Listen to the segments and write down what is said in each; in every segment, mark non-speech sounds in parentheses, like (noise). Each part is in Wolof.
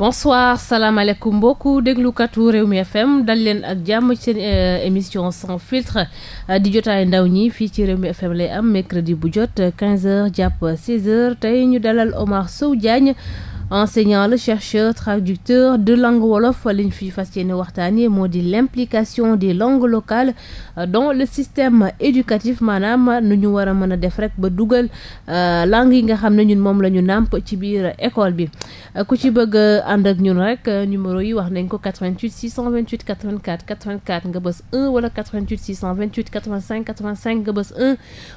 bonsoir salaamaaleykum mbokku déglukatu réew Rewmi FM dal leen ak jàmm ci seen euh, émission sans filtre euh, di jotaay ndaw ñi fii ci réew mi FM lay am mercredi bu jot 15 jàpp 16h tey ñu dalal Omar Sow Diagne. enseignant le chercheur traducteur de langue wolof li ñu fi fas yéene waxtaanee moo di l'implication des langues locales euh, dans le système éducatif maanaam nu ñu war a mën a def rek ba dugal euh, langue yi nga xam ne ñun moom la ñu nàmp ci biir école bi euh, ku ci bëgg ànd ak ñun rek numéro yi wax nañ ko 88 628 84 nga bës wala 88 628 nga bës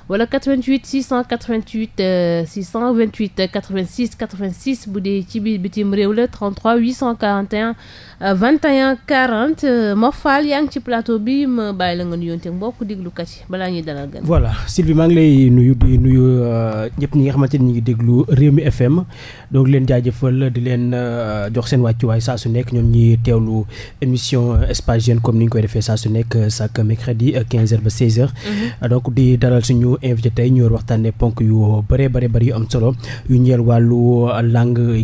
wala 88 688 ci biir bitim réew la 33 841 21 40 Mor Fall yaa ngi ci plateau bi ma bàyyi la nga nuyoonteeg mbokk déglukat yi balaa ñuy dalal gan. voilà Sylvie maa ngi lay nuyu di nuyu euh, ñëpp ñi nga xamante ni ñu ngi déglu réew mi FM donc leen jaajëfal di leen euh, jox seen wàccuwaay saa su nekk ñoom ñi teewlu émission euh, Espace comme ni ñu koy defee saa su nekk chaque mercredi 15h ba 16 mm-hmm. donc di dalal suñu invité tey ñu waxtaanee ponk yu bëree bëri bëri yu am solo yu ñeel wàllu langue.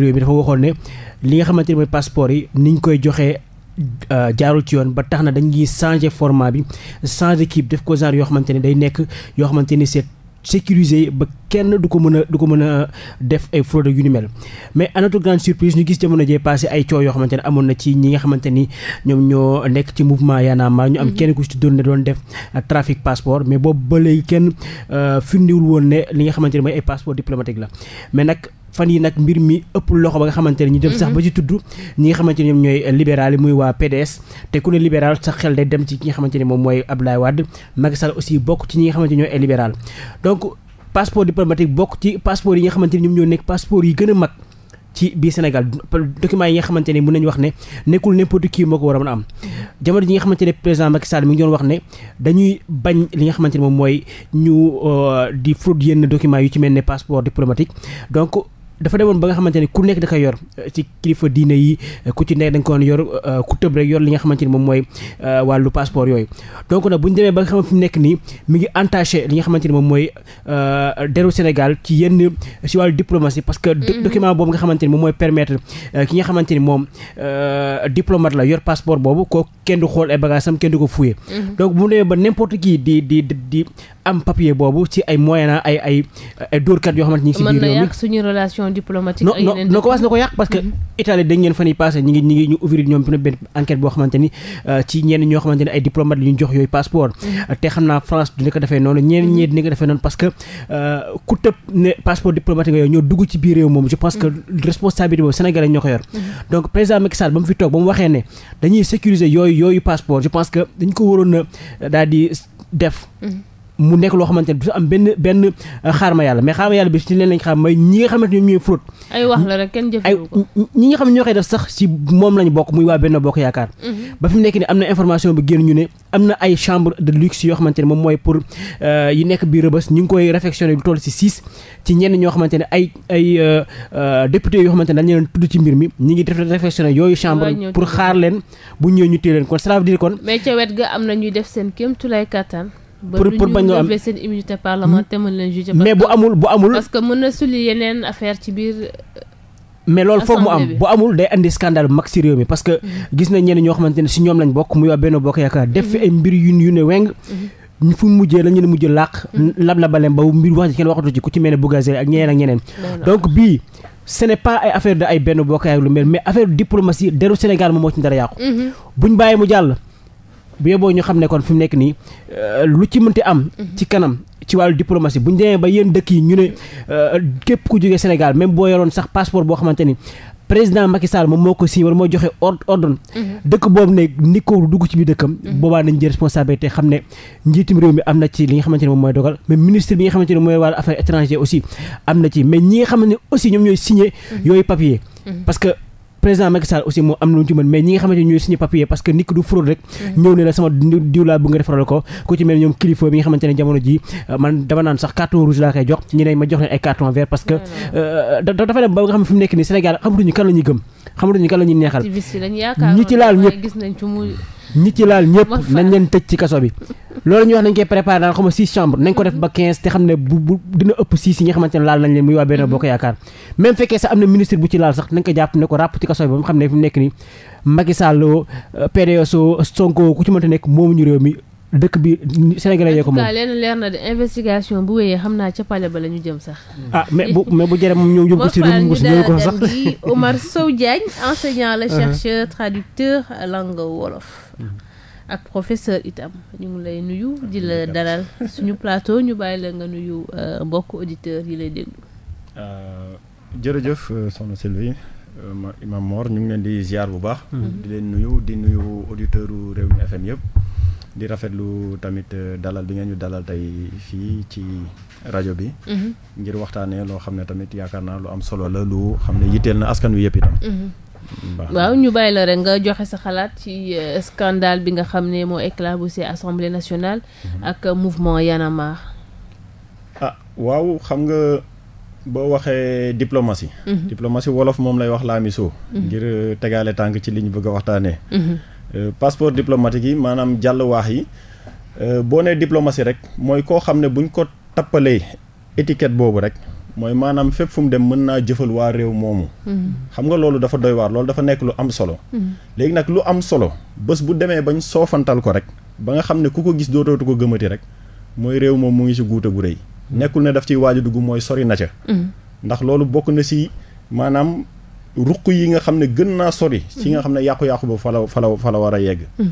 réew mi dafa waxoon ne li nga xamante ne mooy passeport yi ñu koy joxee euh, jaarul ci yoon ba tax na dañuy changer format bi changer kii def ko genre yoo xamante ne day nekk yoo xamante ni c'est sécurisé ba kenn du ko mën a du ko mën a def ay fraude yu ni mel mais à notre grande surprise ñu gis jamono jee passé ay coo yoo xamante ni amoon na ci ñi nga xamante ni ñoom ñoo nekk ci mouvement Y'en a marre ñu am mm-hmm. kenn ku ci doon ne doon def euh, trafic passeport mais boobu ba léegi kenn euh, firndiwul woon ne li nga xamante ne mooy ay passeport diplomatique la fan yi nag mbir mi ëpp loxo ba nga xamante ne ñu dem sax mhm. ba ci tudd ñi nga xamante ne ñoom ñooy libéral yi muy waa PDS te ku ne libéral sax xel day dem ci ki nga xamante ne moom mooy Abdoulaye Wade Macky Sall aussi bokk ci ñi nga xamante ne ñooy ay libéral donc passeport diplomatique bokk ci passeport yi nga xamante ni ñoom ñoo nekk passeport yi gën a mag ci biir yi nga xamante ne mën nañu wax ne nekkul n'importe qui moo ko war a mën am jamono ji nga xamante ne président Macky Sall mi ngi doon wax ne dañuy bañ li nga xamante ne moom mooy ñu euh, di fraude yenn document yu ci mel ne passeport diplomatique donc dafa demoon ba nga xamante ku nekk da koy yor eh, ci kilifa diine yi eh, ku ci nekk da nga ko yor eh, ku tëb rek yor li nga xamante moom mooy wàllu passeport yooyu donc nag bu ñu demee ba nga xamante fi mu nekk nii mi ngi entaché li nga xamante ni moom mooy deru ci yenn si wàllu diplomatie parce que mm-hmm. document boobu nga xamante ni moom mooy permettre ki nga xamante ni moom diplomate la yor passeport boobu ko kenn du xool ay bagages am kenn du ko fouillé mm-hmm. donc bu mu demee ba n'importe qui di di di am papier boobu ci ay moyen ay ay ay yoo xamante ñi na yàq suñu relation diplomatique. ak yeneen non ko was na ko yàq parce que mhm. Italie dañ ngeen fan yi passé ñi ngi ñi ngi ñu ouvrir ñoom benn enquête boo xamante ni euh, ci ñenn ñoo xamante ni ay mhm. mhm. euh, biir réew moom je pense que responsabilité boobu sénégalais ñoo ko yor donc président Macky ba mu fi toog ba mu waxee ne dañuy sécuriser yooyu yooyu passeport je pense que dañ ko waroon na daal di def mu nekk loo xamante ne du am benn benn euh, xaarma yàlla mais xaarma yàlla bi ci leen lañ xam mooy ñi nga xamante ñoom ñooy kenn jëfewu ñi nga xam ñoo koy def sax ci moom lañ bokk muy waa benn bokk yaakaar mhm. ba fi mu nekk ni am na information bi génn ñu ne am na ay chambre de luxe yoo xamante ne moom mooy pour euh, yi nekk biir rëbës ñu ngi koy réfectionné lu toll ci six ci ñenn ñoo xamante ne ay ay euh, député yoo xamante ne dañ leen tudd ci mbir mi ñi ngi def réfectionné yooyu chambre pour xaar leen bu ñëwee ñu téye leen kon cela kon mais ca wet ga am na ñuy def seen kéem tu lay kattan pour pour bañ a am seen immunité parlementaire hmm. mën leen juger mais bu amul bu amul. parce que mën na sulli yeneen affaire ci biir. Euh, mais loolu foog mu am bu amul day andi scandale bu mag si mi parce que hmm. gis nañ ñenn ñoo xamante ne si ñoom lañ bokk muy waa benn bokk yaakaar def fi hmm. ay mbir yu yu ne weng. la la ba mbir wax ci kenn waxatu ci ci mel ne Bougazelli ak ñeneen ak ñeneen. donc bii ce n'est ay affaire de ay benn bokk yaakaar lu mel mais affaire diplomatie deru Sénégal moom moo ci dara yàqu. buñ bàyyi mu jàll. bu yeboo ñu xam ne kon fi mu nekk nii euh, lu ci mënti am. Mhm. ci kanam ci wàllu diplomatie bu ñu demee ba yéen dëkk yi ñu ne euh, képp ku jógee Sénégal même boo yoroon sax passeport boo xamante ni. président Macky Sall moom moo ko signé wala moo joxe ordre ordre mhm. dëkk boobu ne ni ko dugg ci biir dëkkam mhm. boobaa nañ jël responsabilité xam ne njiitum réew mi am na ci li nga xamante ne moom mooy dogal mais ministre bi nga xamante ne mooy wàllu affaires étrangères aussi am na ci mais ñi nga xamante ne aussi ñoom ñooy signé yooyu papier président Macky aussi moo am lu ñu mais ñi nga xamante ne ñooy signé papier parce que nit ki du fraude rek mm-hmm. ñëw ne la sama diw laa bëgg nga defaral ko ku ci mel ñoom kilifa bi nga xamante ne jamono ji euh, man dama naan sax carton rouge laa koy jox ñi ma jox leen ay carton parce que mm-hmm. euh, dafa dem ba nga xam ne fi nekk nii Sénégal xamatuñu kan la gëm xamatuñu kan la neexal ñi ci laal ñëpp ñi ci laal ñëpp nañ leen tëj ci kaso bi loolu ñu wax nañ koy préparé daal xam nga six nañ ko def ba quinze te xam ne bu bu dina ëpp six yi nga xamante ne laal nañ leen muy waa benn bokk mm-hmm. yaakaar même fekkee sax am na ministre bu ci laal sax nañ ko jàpp ne ko ràpp ci kaso bi ba mu xam ne fi mu nekk ni Macky Sall euh, PDS ku ci mënta nekk moomu ñu réew mi dëkk bi Sénégalais yee ko leen leer na de investigation bu wéyee xam naa ca pale ba la ñu jëm sax. ah mais bu mais bu jëree moom ñoom yóbbu si réew mi ñu ko sax Omar Sow Diagne (laughs) enseignant la uh-huh. chercheur traducteur langue wolof. Uh-huh. ak professeur itam ñu ngi lay nuyu di la dalal suñu plateau ñu bàyyi la nga nuyu euh, mbokk auditeur yi lay déglu. Euh, jërëjëf euh, soxna Sylvie Imam Mor ñu ngi leen di ziar bu baax. Mm-hmm. di leen nuyu di nuyu auditeurs Rewmi FM yëpp. rafet lu tamit euh, dalal bi ngeen ñu dalal tey fii ci rajo bi. Mhm. ngir waxtaanee loo xam ne tamit yaakaar naa lu am solo la lu xam ne yitteel na askan wi yëpp itam. Mhm. waaw ñu bàyyi la rek nga joxe sa xalaat ci euh, scandale bi nga xam ne moo éclaboussé assemblée nationale. Mhm. ak euh, mouvement Y en ah waaw xam nga boo waxee diplomatie. diplomatie wolof moom lay wax laamiso. ngir tegaale tànk ci li ñu bëgg a waxtaanee. Euh, passeport diplomatique yi maanaam jàll waax yi euh, boo nee diplomatie rek mooy koo xam ne bu buñ ko tappalee étiquette boobu rek mooy maanaam fépp fu mu dem mën naa jëfal waa réew moomu. Mm-hmm. xam nga loolu dafa doy waar loolu dafa nekk lu am solo. Mm-hmm. léegi nag lu am solo bés bu demee bañ soofantal ko rek ba nga xam ne ku ko gis doo dootootu ko gëmati rek mooy réew moom mu ngi ci guuta gu rëy. Mm-hmm. nekkul ne daf ciy waaj a dugg mooy sori na ca. ndax loolu bokk na ci maanaam ruq yi nga xam ne gën naa sori ci nga xam ne yàqu-yàqu ba fala la fa war a yegg hmm.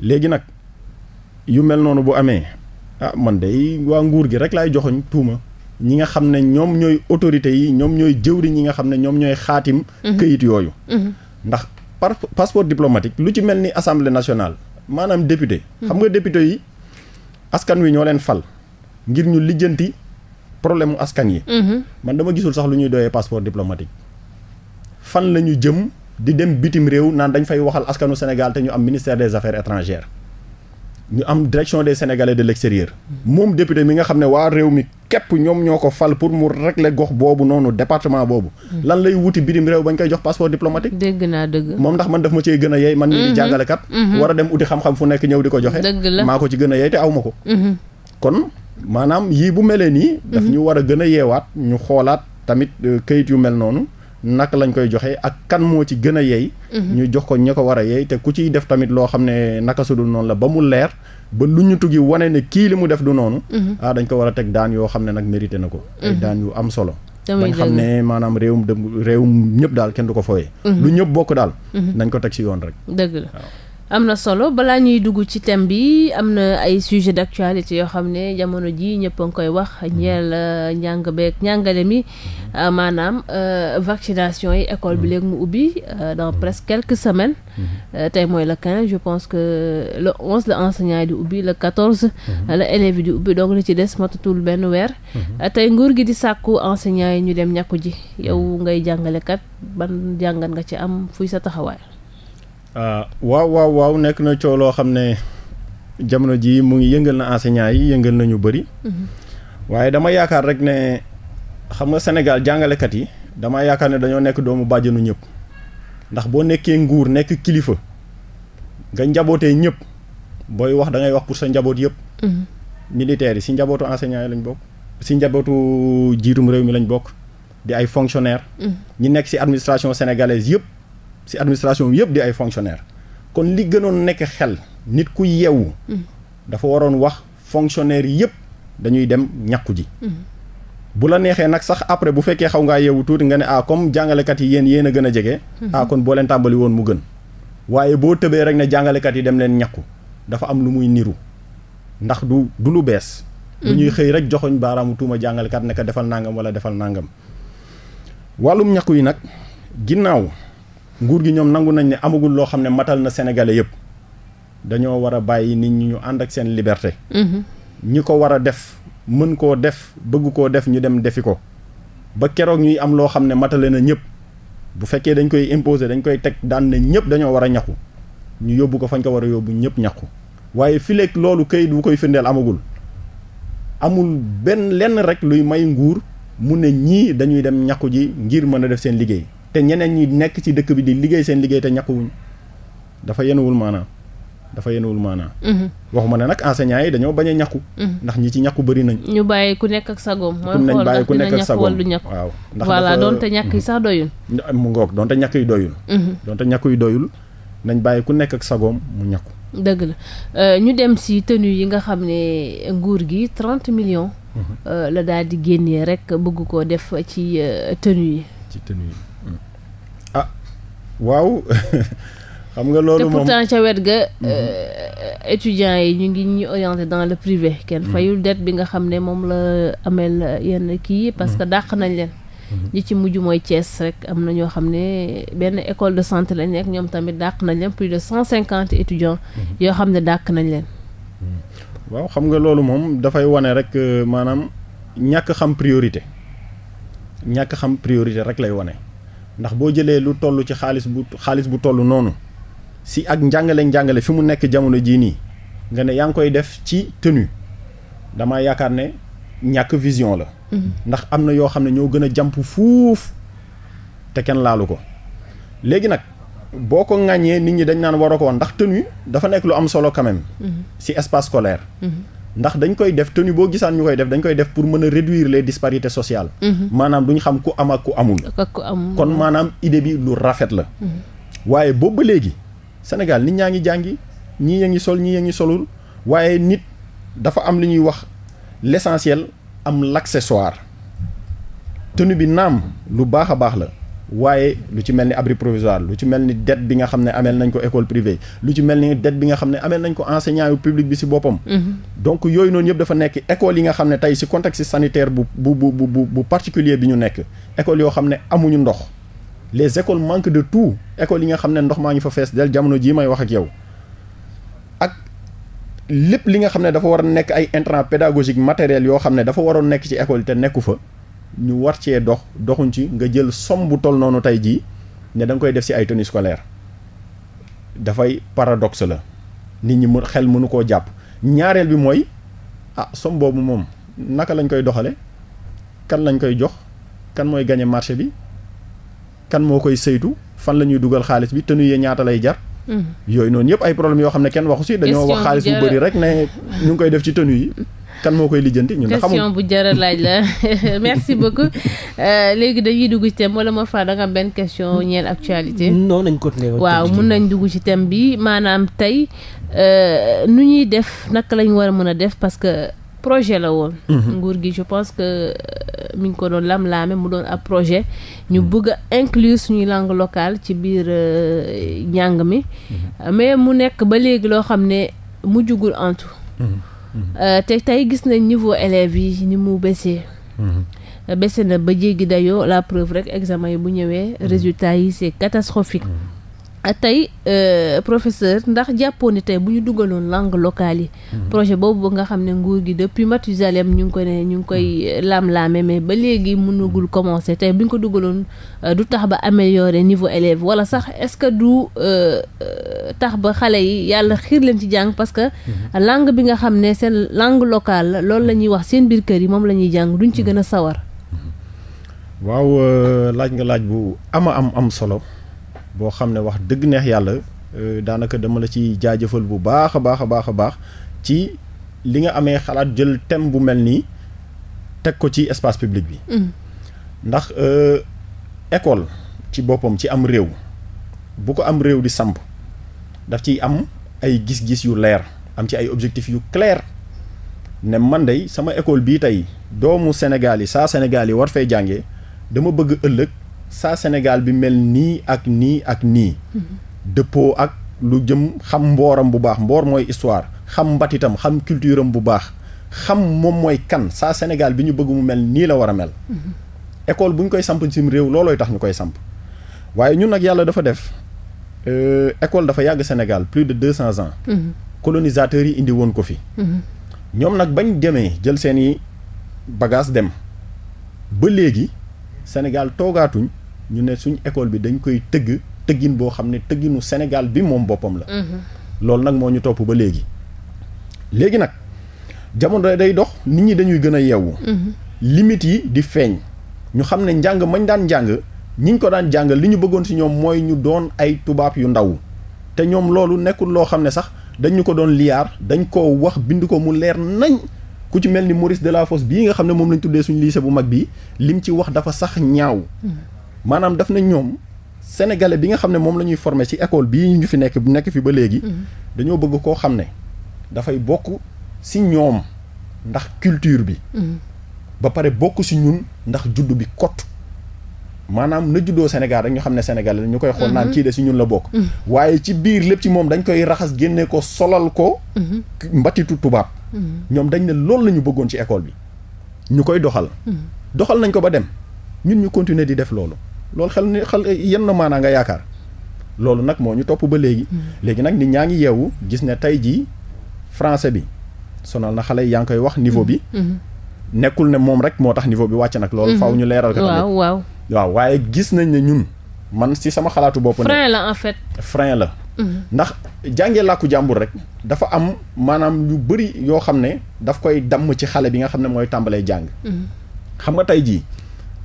léegi nag yu mel noonu bu amee a ah, man day waa nguur gi rek laay joxoñ tuuma ñi nga xam ne ñoom ñooy autorités yi ñoom ñooy jëwri ñi nga xam ne ñoom ñooy xaatim hmm. këyit yooyu hmm. ndax par passeport diplomatique lu ci mel ni assemblée national maanaam député xam nga député yi askan wi ñoo leen fal ngir ñu lijjanti problème askan yi man dama gisul sax lu ñuy doyee passeport diplomatique fan la ñu jëm di dem bitim réew naan dañ fay waxal askanu Sénégal te ñu am ministère des affaires étrangères ñu am direction des sénégalais de l'extérieur moom député mi nga xam ne waa réew mi képp ñoom ñoo ko fal pour mu la gox boobu noonu département boobu hmm. lan lay wuti bitim réew bañ koy jox passeport diplomatique dëgg naa dëgg moom ndax man daf ma cee gën a yey man mii di hmm. jàngalekat hmm. war a dem uti xam-xam fu nekk ñëw di ko joxe maa ko ci gën a yey ma kon maanaam yii bu melee nii daf ñu war a gën a yeewaat ñu xoolaat tamit euh, kayit yu mel noonu naka lañ koy joxe ak kan moo ci gën a yey mhm. ñu jox ko ña ko war a yey te ku ciy def tamit loo xam ne naka sudul noonu la ba mu leer ba lu ñu tuggi wane ne kii li mu def du noonu mhm. ah dañ ko war a teg daan yoo xam ne nag mérité na ko mhm. daan yu am solo bañ xam ne maanaam réewum dë réewum ñëpp daal kenn du ko fooyee lu ñëpp bokk daal nañ ko teg ci yoon rek am na solo balaa ñuy dugg ci thème bi am na ay sujet d'actualité yoo xam ne jamono ji ñëpp a ngi koy wax ñeel euh, njàng beeg njàngale mi euh, maanaam euh, vaccination yi école bi léegi mu ubbi dans presque quelques semaines tey mooy le quinze je pense que le onze la enseignant yi di ubbi le quatorze la élèves yi di ubbi donc li ci des matatul benn weer tey nguur gi di sàkku enseignant yi ñu dem ñàkku ji yow ngay jàngalekat ban jàngat nga ci am fuy sa taxawaay Euh, waaw waaw waaw nekk na coow loo xam ne jamono ji mu ngi yëngal na enseignants yi yëngal nañu ñu bëri. Mm-hmm. waaye dama yaakaar rek ne xam nga Sénégal jàngalekat yi dama yaakaar ne dañoo nekk doomu bàjjanu ñëpp ndax boo nekkee nguur nekk kilifa nga njabootee ñëpp booy wax dangay wax pour sa njaboot yëpp. Mm-hmm. militaires yi si njabootu enseignants yi lañ bokk. si njabootu jiitum réew mi lañ bokk. di ay fonctionnaires. Mm-hmm. ñi nekk si administration sénégalaise yëpp. si administration yëpp di ay fonctionnaire kon li gënoon nekk xel nit ku yeewu. Mm-hmm. dafa waroon wax fonctionnaire yëpp dañuy dem ñàkku ji. Mm-hmm. bu la neexee nag sax après bu fekkee xaw ngaa yeewu tuuti nga ne ah comme jàngalekat yi yéen yéen a gën a jege. Mm-hmm. ah kon boo leen tàmbali woon mu gën. waaye boo tëbee rek ne jàngalekat yi dem leen ñàkku dafa am lu muy niru ndax du du lu bees. lu ñuy xëy rek joxoñ baaraamu tuuma jàngalekat ne defal nangam wala defal nangam. wàllum ñàkku yi nag ginnaaw. nguur gi ñoom nangu nañ ne amagul loo xam ne matal na sénégalais yëpp dañoo war a bàyyi nit ñi ñu ànd ak seen liberté. Mhm. ñi ko war a def mën koo def bëgg koo def ñu dem defi ko ba keroog ñuy am loo xam ne matale na ñëpp bu fekkee dañ koy imposer dañ koy teg daan na ñëpp dañoo war a ñàkku ñu yóbbu ko fañ ko war a yóbbu ñëpp ñàkku waaye fileeg loolu kayit bu koy firndeel amagul amul benn lenn rek luy may nguur mu ne ñii dañuy dem ñàkku ji ngir mën a def seen liggéey. te ñeneen ñi nekk ci dëkk bi di liggéey seen liggéey te ñàkkuwuñ dafa yenuwul maanaam dafa yenuwul maanaam. Mhm. waxuma ne nag enseignants yi dañoo bañ a ñàkku. Mhm. ndax ñi ci ñàkku bari nañ. ñu bàyyi ku nekk ak sagoom. mooy xool ndax dina ñàkk wala du ñàkk waaw. ndax voilà donte ñàkk yi mhm. sax doyul. mu ngoog donte ñàkk yi doyul. donte ñàkk yi doyul nañ bàyyi ku nekk ak sagoom mu ñàkku. dëgg la euh, ñu dem si tenue yi nga xam ne nguur gi trente millions. Euh, la daal di génnee rek bëgg ko def ci euh, tenue yi. ci tenue yi. waaw (laughs) xam nga loolu moom ca wet ga euh, étudiants yi ñu ngi ñu orienté dans le privé. kenn mm-hmm. fayul dette bi nga xam ne moom la ameel yenn kii parce que mm-hmm. dàq nañ leen. Mm-hmm. ñi ci mujj mooy Thiès rek am na ñoo xam ne benn école de santé lañ nekk ñoom tamit dàq nañ leen de cent cinquante étudiants. yoo xam ne dàq nañ leen. waaw xam nga loolu moom dafay wane rek euh, maanaam ñàkk xam priorité ñàkk xam priorité rek lay wane. ndax boo jëlee lu toll ci xaalis bu xaalis bu toll noonu si ak njàngale njàngale fi mu nekk jamono jii nii nga ne yaa ngi koy def ci tënu dama yaakaar ne ñàkk vision la. Mhm. ndax am na yoo xam ne ñoo gën a jàmp fuuf te kenn laalu ko léegi nag. boo ko ŋàññee nit ñi dañ naan war a ko woon ndax tenue dafa nekk lu am solo quand même. ci mhm. espace scolaire. Mhm. ndax dañ koy def tenue boo gisaan ñu koy def dañ koy def pour mën a réduire lee disparités sociales mhm. maanaam duñ xam ku am ak ku amul kon maanaam idée bi lu rafet la mhm. waaye boobu léegi Sénégal nit ñaa ngi jàngi ñii ya ngi sol ñii ya ngi solul waaye nit dafa am li ñuy wax l'essentiel am l'accessoire tenue bi naam lu baax a baax la waaye lu ci mel ni abri provisoire lu ci mel ni dette bi nga xam ne ameel nañ ko école privée lu ci mel ni dette bi nga xam ne amee nañ ko enseignant yu public bi si boppam. Mhm. donc yooyu noonu yëpp dafa nekk école yi nga xam ne tey si contexte sanitaire bu bu bu bu bu particulier bi ñu nekk école yoo xam ne amuñu ndox. les écoles manquent de tout écoles yi nga xam ne ndox maa ngi fa fees del jamono jii may wax ak yow ak lépp li nga xam ne dafa war a nekk ay intrants pédagogiques matériels yoo xam ne dafa waroon nekk ci école nekku fa. ñu war cee dox doxuñ ci nga jël somme bu toll noonu tey jii ne da koy def ci ay tenue scolaire dafay paradoxe la nit ñi mu xel mënu koo jàpp ñaareel bi mooy ah somme boobu moom naka lañ koy doxale kan lañ koy jox kan mooy gagné marché bi kan moo koy saytu fan la ñuy dugal xaalis bi tenue yi ñaata lay jar. Mm-hmm. yooyu noonu yëpp ay problème yoo xam ne kenn waxu si dañoo wax xaalis bu bëri rek ne ñu ngi koy def ci tenue yi. kan moo koy lijjanti ñun question bu jar laaj la (laughs) merci beaucoup euh, léegi dañuy dugg ci thème wala moo fa da nga am benn question ñeel actualité. non nañ continuer waaw mun nañ dugg ci thème bi maanaam tey euh, nu ñuy def nak lañu war a mën a def parce que projet la woon. Mhm. nguur gi je pense que euh, mu ngi ko doon lam-laame mu doon ak projet ñu mhm. bëgg a suñuy langue locale ci biir njàng mi mhm. mais mu nekk ba léegi loo xam ne mu mujjugul antu. Euh, te tey gis nañ niveau élèves yi ni mu baissé. Mhm. baissé na ba jéggi dayoo la preuve rek examen yi bu ñëwee mhm. résultat yi c'est catastrophique. Mhm. tey euh, professeur ndax jàppoon ni tey bu ñu dugaloon langue locale yi. Mm projet boobu nga xam ne nguur gi depuis Mathusalem ñu ngi ko ne ñu ngi koy mhm. laam-laame mais ba léegi mënagul mhm. commencé tey bu ñu ko dugaloon euh, du tax ba améliorer niveau élève wala sax est-ce que du euh, tax ba xale yi yàlla xiir leen ci jàng parce que. Mm bi nga xam ne seen langue locale la loolu la ñuy wax seen biir kër yi moom la ñuy jàng duñ ci mhm. gën a sawar. waaw euh, laaj nga laaj bu ama am am solo. boo xam ne wax dëgg neex yàlla euh, daanaka dama la ci jaajëfal bu baax a baax a baax a baax ci li nga amee xalaat jël thème bu mel nii teg ko ci espace public bi. Mm. ndax euh, école ci boppam ci am réew bu ko am réew di samp daf ciy am ay gis-gis yu leer am ci ay objectifs yu clair ne man dey sama école bii tey doomu Sénégal yi saa Sénégal yi war fee jàngee dama bëgg ëllëg. saa Sénégal bi mel nii ak nii ak nii dëppoo ak lu jëm xam mbooram bu baax mboor mooy histoire xam mbatitam xam culture am bu baax xam moom mooy kan saa Sénégal bi ñu bëgg mu mel nii la war a mel mm-hmm. école bu ñu koy samp sim réew loolooy tax ñu koy samp waaye ñun nag yàlla dafa def euh, école dafa yàgg Sénégal plus de deux cents ans mm-hmm. colonisateurs yi indi woon ko fi mm-hmm. ñoom nag bañ demee jël seeni bagage dem ba léegi Sénégal toogaatuñ ñu ne suñ école bi dañ koy tëgg tëggin boo xam ne tëgginu senegal bi moom boppam la. Mhm. loolu nag moo ñu topp ba léegi. léegi nag jamono day dox nit ñi dañuy gën a yeewu. Mhm. limites yi di feeñ. ñu xam ne njàng mañ daan njàng ñiñ ko daan jàngal li ñu bëggoon ci ñoom mooy ñu doon ay tubaab yu ndaw. te ñoom loolu nekkul loo xam ne sax dañu ko doon liyaar dañ koo wax bind ko mu leer nañ. ku ci mel ni la Delafosse bii nga xam ne moom lañ tuddee suñu lycée bu mag bii lim ci wax dafa sax ñaaw mhm. maanaam daf na ñoom sénégalais bi nga xam ne moom la ñuy former ci école bii ñu fi nekk nekk fi ba léegi. Mm-hmm. dañoo bëgg koo xam ne dafay bokk si ñoom ndax culture bi. Mm-hmm. ba pare bokk si ñun ndax juddu bi kott. maanaam na juddoo Sénégal rek ñu xam ne Sénégal ñu koy xool naan mm-hmm. kii de si ñun la bokk. waaye ci biir lépp ci moom dañ koy raxas génne ko solal ko. mbatitu tubaab. ñoom dañ ne loolu la ñu bëggoon ci école bi. ñu koy doxal. doxal nañ ko ba dem ñun ñu continuer di def loolu. loolu xel ni xel yenn maanaa nga yaakaar loolu nag moo ñu topp ba léegi. Mm. léegi nag nit ñaa ngi yeewu gis ne tey jii français bi sonal na xale yaa ngi koy wax niveau bi. Mm. Mm-hmm. nekkul ne moom rek moo tax niveau bi wàcc nag. loolu mm-hmm. fow ñu leeral ko tamit waaw waaw. waaw waaye gis nañ ne ñun man si sama xalaatu bopp. frein la en fait. frein la. Mm-hmm. ndax jàngee làkku jàmbur rek dafa am maanaam yu bari yoo xam ne daf koy damm ci xale bi nga xam ne mooy tàmbalee jàng. xam nga tey jii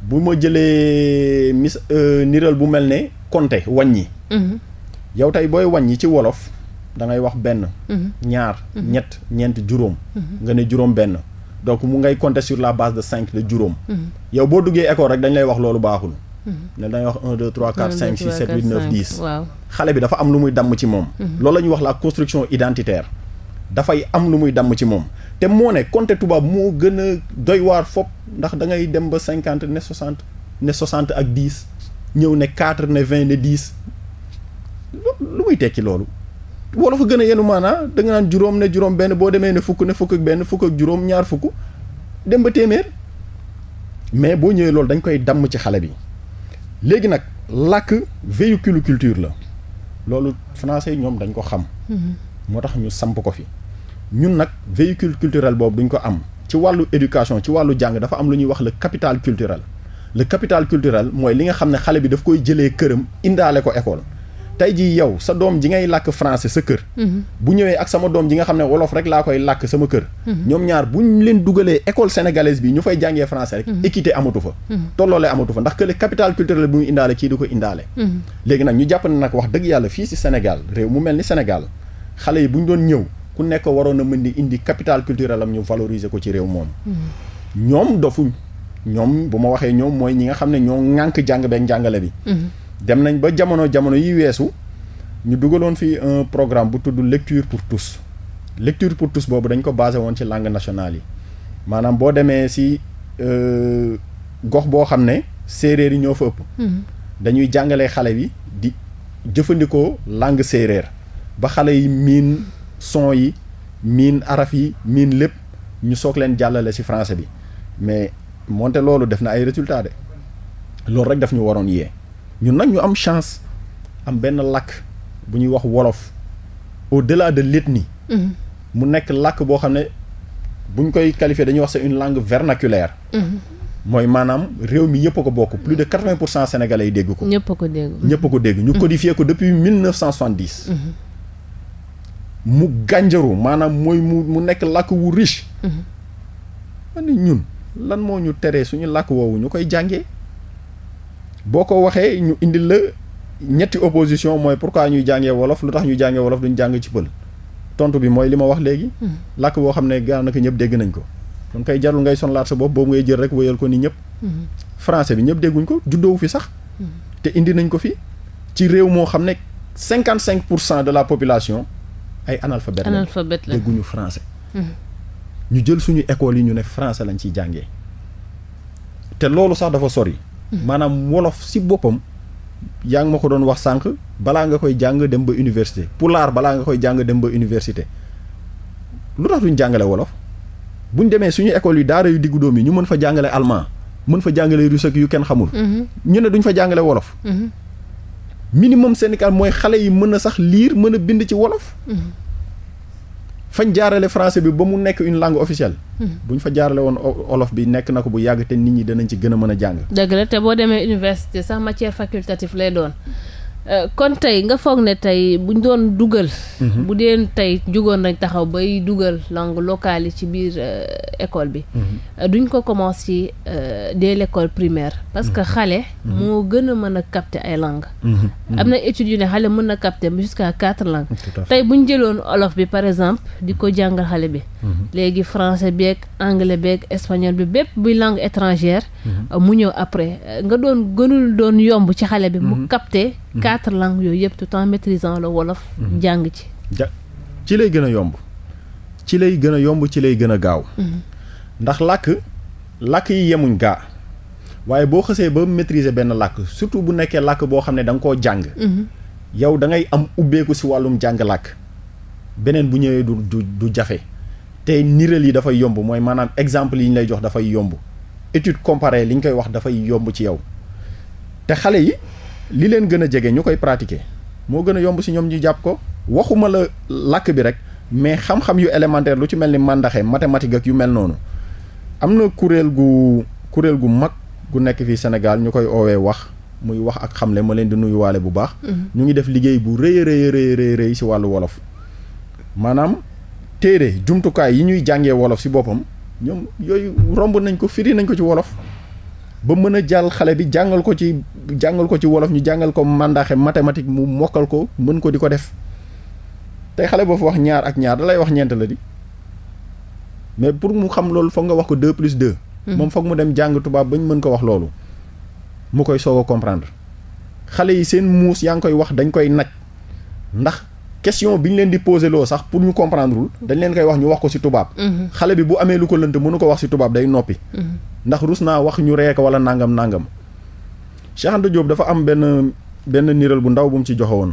bu ma jëlee mis euh, niral bu mel ne wañ wàññi. Mhm. yow tey booy wàññi ci wolof da ngay wax benn. Mhm. ñaar mhm. ñett ñeent juróom. nga ne juróom benn. donc mu ngay compter sur la base de cinq de juróom. yow boo duggee école rek dañu lay wax loolu baaxul. ne dañuy wax un deux trois quatre cinq six sept huit neuf dix. xale bi dafa am lu muy damm ci moom. loolu la ñuy wax la construction identitaire. dafay am lu muy damm ci moom te moo ne compter tubaab moo gën a doy waar fop ndax da ngay dem ba cinquante ne soixante ne soixante ak dix ñëw ne quatre ne vingt ne dix lu muy tekki loolu. wolof a gën a yenu maanaa da nga juróom ne juróom benn boo demee ne fukk ne fukk ak benn fukk ak juróom ñaar fukk dem ba téeméer mais boo ñëwee loolu dañ koy damm ci xale bi léegi nag làkk véhicule culture la loolu français ñoom dañ ko xam. Mm-hmm. moo tax ñu samp ko fi. ñun nag véhicule culturel boobu duñ ko am ci wàllu éducation ci wàllu jàng dafa am lu ñuy wax la capital culturel le capital culturel mooy li nga xam ne xale bi daf koy jëlee këram indaale ko école tey jii yow sa doom ji ngay làkk français sa kër mhm. bu ñëwee ak sama doom ji nga xam ne wolof rek laa koy làkk sama kër mhm. ñoom ñaar bu ñu leen dugalee école sénégalaise bi ñu fay jàngee français rek mhm. équité amatu fa tolloolee amatu fa ndax que le capital culturel bu ñu indaale kii di ko indaale léegi nag ñu jàpp ne nag wax dëgg yàlla fii si Sénégal réew mu mel ni Sénégal xale yi bu ñu doon ñëw ku nekk waroon a mën di indi capital culturel am ñu valoriser ko ci réew moom ñoom dofu ñoom bu ma waxee ñoom mooy ñi nga xam ne ñoo ŋànk jàng beeg njàngale bi mhm. dem nañ ba jamono jamono yi weesu ñu dugaloon fi programme bu tudd lecture pour tous lecture pour tous boobu dañ ko basé woon ci langue nationale yi maanaam boo demee si euh, gox boo xam ne séeréer yi ñoo fa ëpp mhm. dañuy jàngale xale bi di jëfandikoo langue séeréer ba xale yi miin son yi miin araf yi miin lépp ñu soog leen jàllale ci français bi mais moonte loolu def na ay résultats de loolu rek daf ñu waroon yee ñun nag ñu am chance am benn làkk bu ñuy wax wolof au-delà de ni mm-hmm. mu nekk làkk boo xam ne buñ koy qualifier dañuy wax c'est une langue vernaculaire mm-hmm. mooy maanaam réew mi yëpp a ko bokk plus de quatre-vingt pour cent sénégalais yi dégg ko ñëpp a ko dégg ñu mm-hmm. codifier ko depuis cent soixante-dix mu gànjaru maanaam mooy mu mu nekk làkk wu riche. Mhm. ma ne ñun lan moo ñu teree suñu làkk woowu ñu koy jàngee boo ko waxee ñu indil la ñetti opposition mooy pourquoi ñuy jàngee wolof lu tax ñuy jàngee wolof duñ jàng ci pël. tontu bi mooy li ma wax léegi. Mhm. làkk boo xam ne daanaka ñëpp dégg nañ ko. kon kay jarul ngay sonlaat sa bopp boobu ngay jël rek wéyal ko ni ñëpp. Mhm. français bi ñëpp dégguñ ko juddoowu fi sax. te indi nañ ko fi ci réew moo xam ne cinquante cinq pour cent de la population. ay analphabète la analphabète la dégguñu français. ñu jël suñu école yi ñu ne français lañ ci jàngee te loolu sax dafa sori. maanaam wolof si boppam. yaa ngi ma ko doon wax sànq balaa nga koy jàng dem ba université pulaar balaa nga koy jàng dem ba université lu tax duñ jàngale wolof buñ demee suñu école yi daara yu diggu doom yi ñu mën fa jàngale allemand mën fa jàngale russe ak yu kenn xamul. ñu ne duñ fa jàngale wolof. minimum syndical mooy xale yi mën a sax liir mën a fañ jaarale français bi ba mu nekk une langue officielle. Hmm. bu ñu fa jaarale woon olof bi nekk na ko bu yàgg te nit ñi danañ ci gën a mën a jàng. dëgg la te boo demee université sax matière facultative lay doon. Euh, kon tey nga foog ne tey buñ doon dugal. Mhm. bu dee tey jugoon nañ taxaw bay dugal langue locale yi ci biir euh, école bi. Mhm. Euh, duñ ko commencer dès l'école primaire. parce que mhm. xale. moo gën a mën a capter ay langues. am na études yu ne xale mën na capter jusqu'à quatre langues. tey buñ jëloon olof bi par exemple di ko jàngal xale bi. léegi français beeg anglais beeg espagnol bi bépp buy langue étrangère. mu ñëw après nga doon gënul doon yomb ci xale bi mu capter. Mhm. quatre langues yooyu yëpp tout en maîtrisant le wolof. Mhm. jàng ci. ja ci lay gën a yomb ci lay gën a yomb ci lay gën a gaaw. Mhm. ndax làkk làkk yi yemuñ gaa waaye boo xësee ba maîtriser benn làkk surtout bu nekkee làkk boo xam ne da nga koo jàng. yow da ngay am ubbeeku si wàllum jàng làkk beneen bu ñëwee du du jafe te niral yi dafay yomb mooy maanaam exemple yi ñu lay jox dafay yomb étude comparée li ñu koy wax dafay yomb ci yow te xale yi. li leen gën a jege ñu koy pratiquer moo gën a yomb si ñoom ñu jàpp ko waxuma la làkk bi rek mais xam-xam yu élémentaire lu ci mel ni màndaxe mathématique ak yu mel noonu am na kuréel gu kuréel gu mag gu nekk fii Sénégal ñu koy oowee wax muy wax ak xamle ma leen di nuyuwaale bu baax. Mhm. ñu ngi def liggéey bu rëy rëy rëy rëy si wàllu wolof maanaam téere jumtukaay yi ñuy jàngee wolof si boppam ñoom yooyu romb nañ ko firi nañ ko ci wolof. ba mën a jàll xale bi jàngal ko ci jàngal ko ci wolof ñu jàngal ko mandaxe mathématique mu mokkal ko mën ko di ko def tey xale boo fa wax ñaar ak ñaar da lay wax ñeent la di mais pour mu xam loolu foog nga wax ko deux plus deux hmm. moom foog mu dem jàng tubaab ba ñu mën ko wax loolu mu koy soog a comprendre xale yi seen muus yaa ngi koy wax dañ koy naj ndax question bi ñu leen di posé loo sax pour ñu comprendre wul dañ leen koy wax ñu wax ko ci tubaab hmm. xale bi bu amee lu ko lënt mënu ko wax ci tubaab day noppi hmm. ndax rus naa wax ñu ree ko wala nangam nangam Cheikh Anta Diop dafa am benn benn niral bu ndaw bu mu ci joxe woon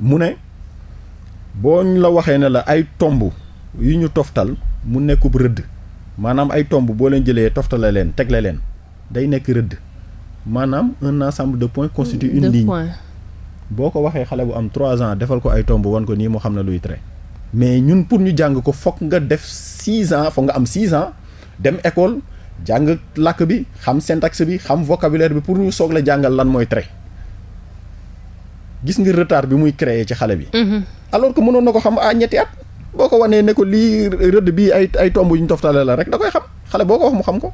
mu ne boo la waxee ne la ay tomb yu ñu toftal mu nekkub rëdd maanaam ay tomb boo leen jëlee toftale leen tegle leen day nekk rëdd maanaam un ensemble de point constitue une ligne boo ko waxee xale bu am trois ans defal ko ay tomb wan ko nii moo xam ne luy trait mais ñun pour ñu jàng ko foog nga def six ans foog nga am six dem école jàng làkk bi xam syntaxe bi xam vocabulaire bi pour ñu soog la jàngal lan mooy trait gis nga retard bi muy créer ci xale bi. Mhm. alors que mënoon na ko xam à ah, ñetti at. boo ko wanee ne ko lii rëdd bii ay ay tomb yu ñu toftale la rek da koy xam xale boo ko wax mu xam ko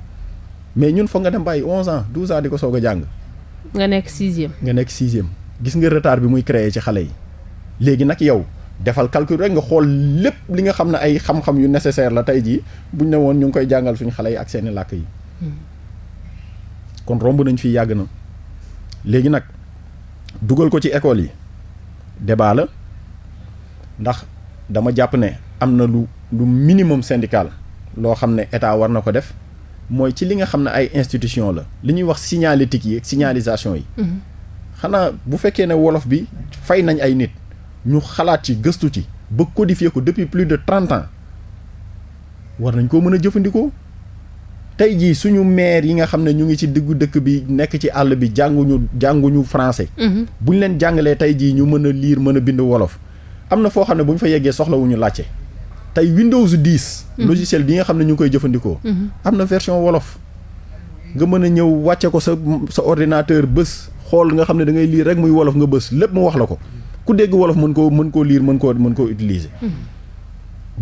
mais ñun foog nga dem bàyyi onze ans douze ans di ko soog a jàng. nga nekk sixième. nga nekk sixième gis nga retard bi muy créer ci xale yi léegi nag yow. defal calcul rek nga xool lépp li nga xam ne ay xam-xam yu nécessaire la tey jii buñ ne woon ñu ngi koy jàngal suñu xale yi ak seeni làkk yi hmm. kon romb nañ fi yàgg na léegi nag dugal ko ci école yi débat la ndax dama jàpp ne am na lu lu minimum syndical loo xam ne état war na ko def mooy ci li nga xam ne ay institution la li ñuy wax signalétique yi ak yi hmm. xanaa bu fekkee ne wolof bi fay nañ ay nit ñu xalaat ci gëstu ci ba codifier ko depuis plus de trente ans war nañ koo mën a jëfandikoo tey jii suñu maire yi nga xam ne ñu ngi ci diggu dëkk bi nekk ci àll bi jànguñu jànguñu français. Mm-hmm. buñ leen jàngalee tey jii ñu mën a liir mën a bind wolof. am na foo xam ne bu ñu fa yeggee soxlawuñu laajte tey Windows 10. Mm-hmm. logiciel bi nga xam ne ñu ngi koy jëfandikoo. Mm-hmm. am na version wolof. nga mën a ñëw wàcce ko sa sa ordinateur bés xool nga xam ne da ngay lire rek muy wolof nga bés lépp mu wax la ko. ku dégg wolof mën koo mën koo liir mën koo mën koo utiliser. Hmm.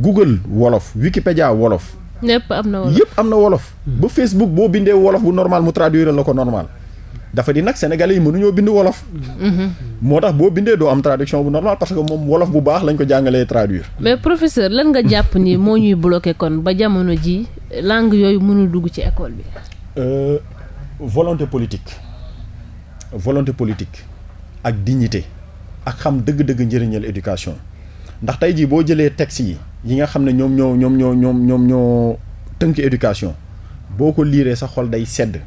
Google wolof Wikipédia wolof. lépp am na wolof yëpp am na wolof. Hmm. ba Facebook boo bindee wolof bu normal mu traduire la ko normal. dafa di nag sénégalais yi mënuñoo bind wolof. Hmm. moo tax boo bindee doo am traduction bu normal parce que moom wolof bu baax lañ ko jàngalee traduire. mais professeur lan nga jàpp ni moo ñuy bloqué kon ba jamono ji làng yooyu mënul dugg ci école bi. Euh, volonté politique volonté politique ak dignité ak xam dëgg-dëgg njëriñal éducation ndax tey jii boo jëlee texte yi yi nga xam ne ñoom ñoo ñoom ñoo ñoom ñoom ñoo tënk éducation boo ko liiree sa xol day sedd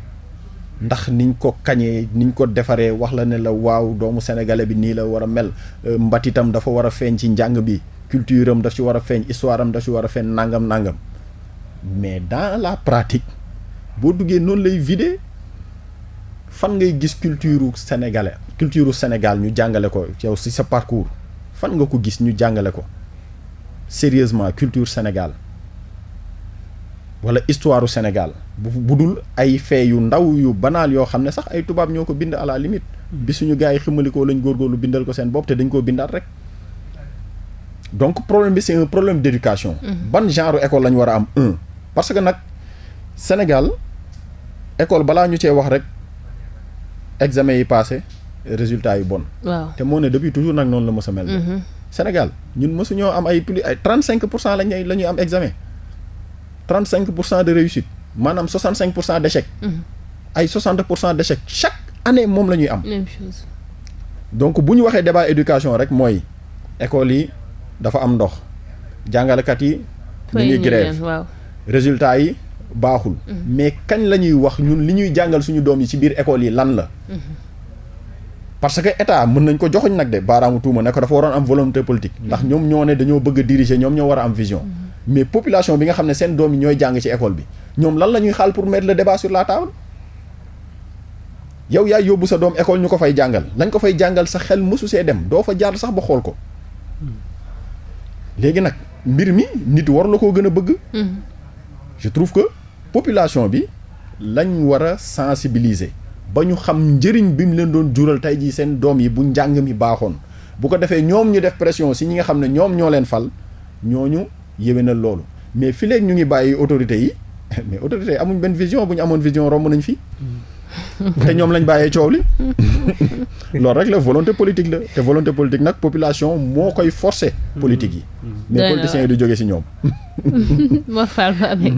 ndax niñ ko kañee niñ ko defaree wax la ne la waaw doomu sénégalais bi nii la war a mel euh, mbatitam dafa war a feeñ ci njàng bi culture am daf ci war a feeñ histoire am daf ci war a feeñ nangam nangam mais dans la pratique boo duggee noonu lay vidé fan ngay gis culture sénégalais culture Sénégal ñu jàngale ko yow si sa parcours fan nga ko gis ñu jàngale ko sérieusement culture Sénégal walla histoire u Sénégal bu budul ay fee yu ndaw yu banaal yoo xam ne sax ay tubaab ñoo ko bind à la hmm. bi suñu gars yi ximalikoo lañ góorgóorlu bindal ko seen bopp te dañ koo bindaat rek donc problème bi c'est un problème d'éducation hmm. ban genre école la ñu war a am un parce que nag Sénégal école balaa ñu cee wax rek examen yi passé résultat yi bon. te moo ne depuis toujours nag noonu la mos a mel. Mm-hmm. Sénégal ñun mosuñoo am ay plus ay trente cinq pour cent lañuy la ñuy am examen trent cinq pour cent de réussite maanaam soixante cinq pour cent d' échec. Mm-hmm. ay soixante pour cent d' échec chaque année moom la ñuy am. même donc bu ñu waxee débat éducation rek mooy école yi dafa am ndox jàngalekat yi. ñu ngi grève résultat yi baaxul. Mm-hmm. mais kañ la ñuy wax ñun li ñuy jàngal suñu doom yi ci biir école yi lan la. parce que état mën nañ ko joxoñ nag de baaraamu tuuma ne ko dafa waroon am volonté politique ndax ñoom ñoo ne dañoo bëgg a diriger ñoom ñoo war a am vision mm-hmm. mais population bi nga xam ne seen doom yi ñooy jàng ci école bi ñoom lan la xaal pour mettre le débat sur la table yow yaay yóbbu sa doom école ñu ko fay jàngal lañ ko fay jàngal sa xel mësu see dem doo fa jaar sax ba xool ko mm-hmm. léegi nag mbir mi nit war la koo gën a bëgg mm-hmm. je trouve que population bi lañ war a sensibiliser ba ñu xam njëriñ bi ñu leen doon jural tey jii seen doom yi bu njàng mi baaxoon bu ko defee ñoom ñu def pression si ñi nga xam ne ñoom ñoo leen fal ñoo ñooñu yéwénal loolu mais fi léegi ñu ngi bàyyi autorités yi (laughs) mais autorités amuñ benn vision bu ñu amoon vision romb nañ fi. Hmm. te ñoom lañ bàyyee coow li (laughs) loolu rek la volonté politique la te volonté politique nag population moo koy forcer. politique yi. Mm-hmm. Mm-hmm. mais politiciens yi du jóge si ñoom. (laughs)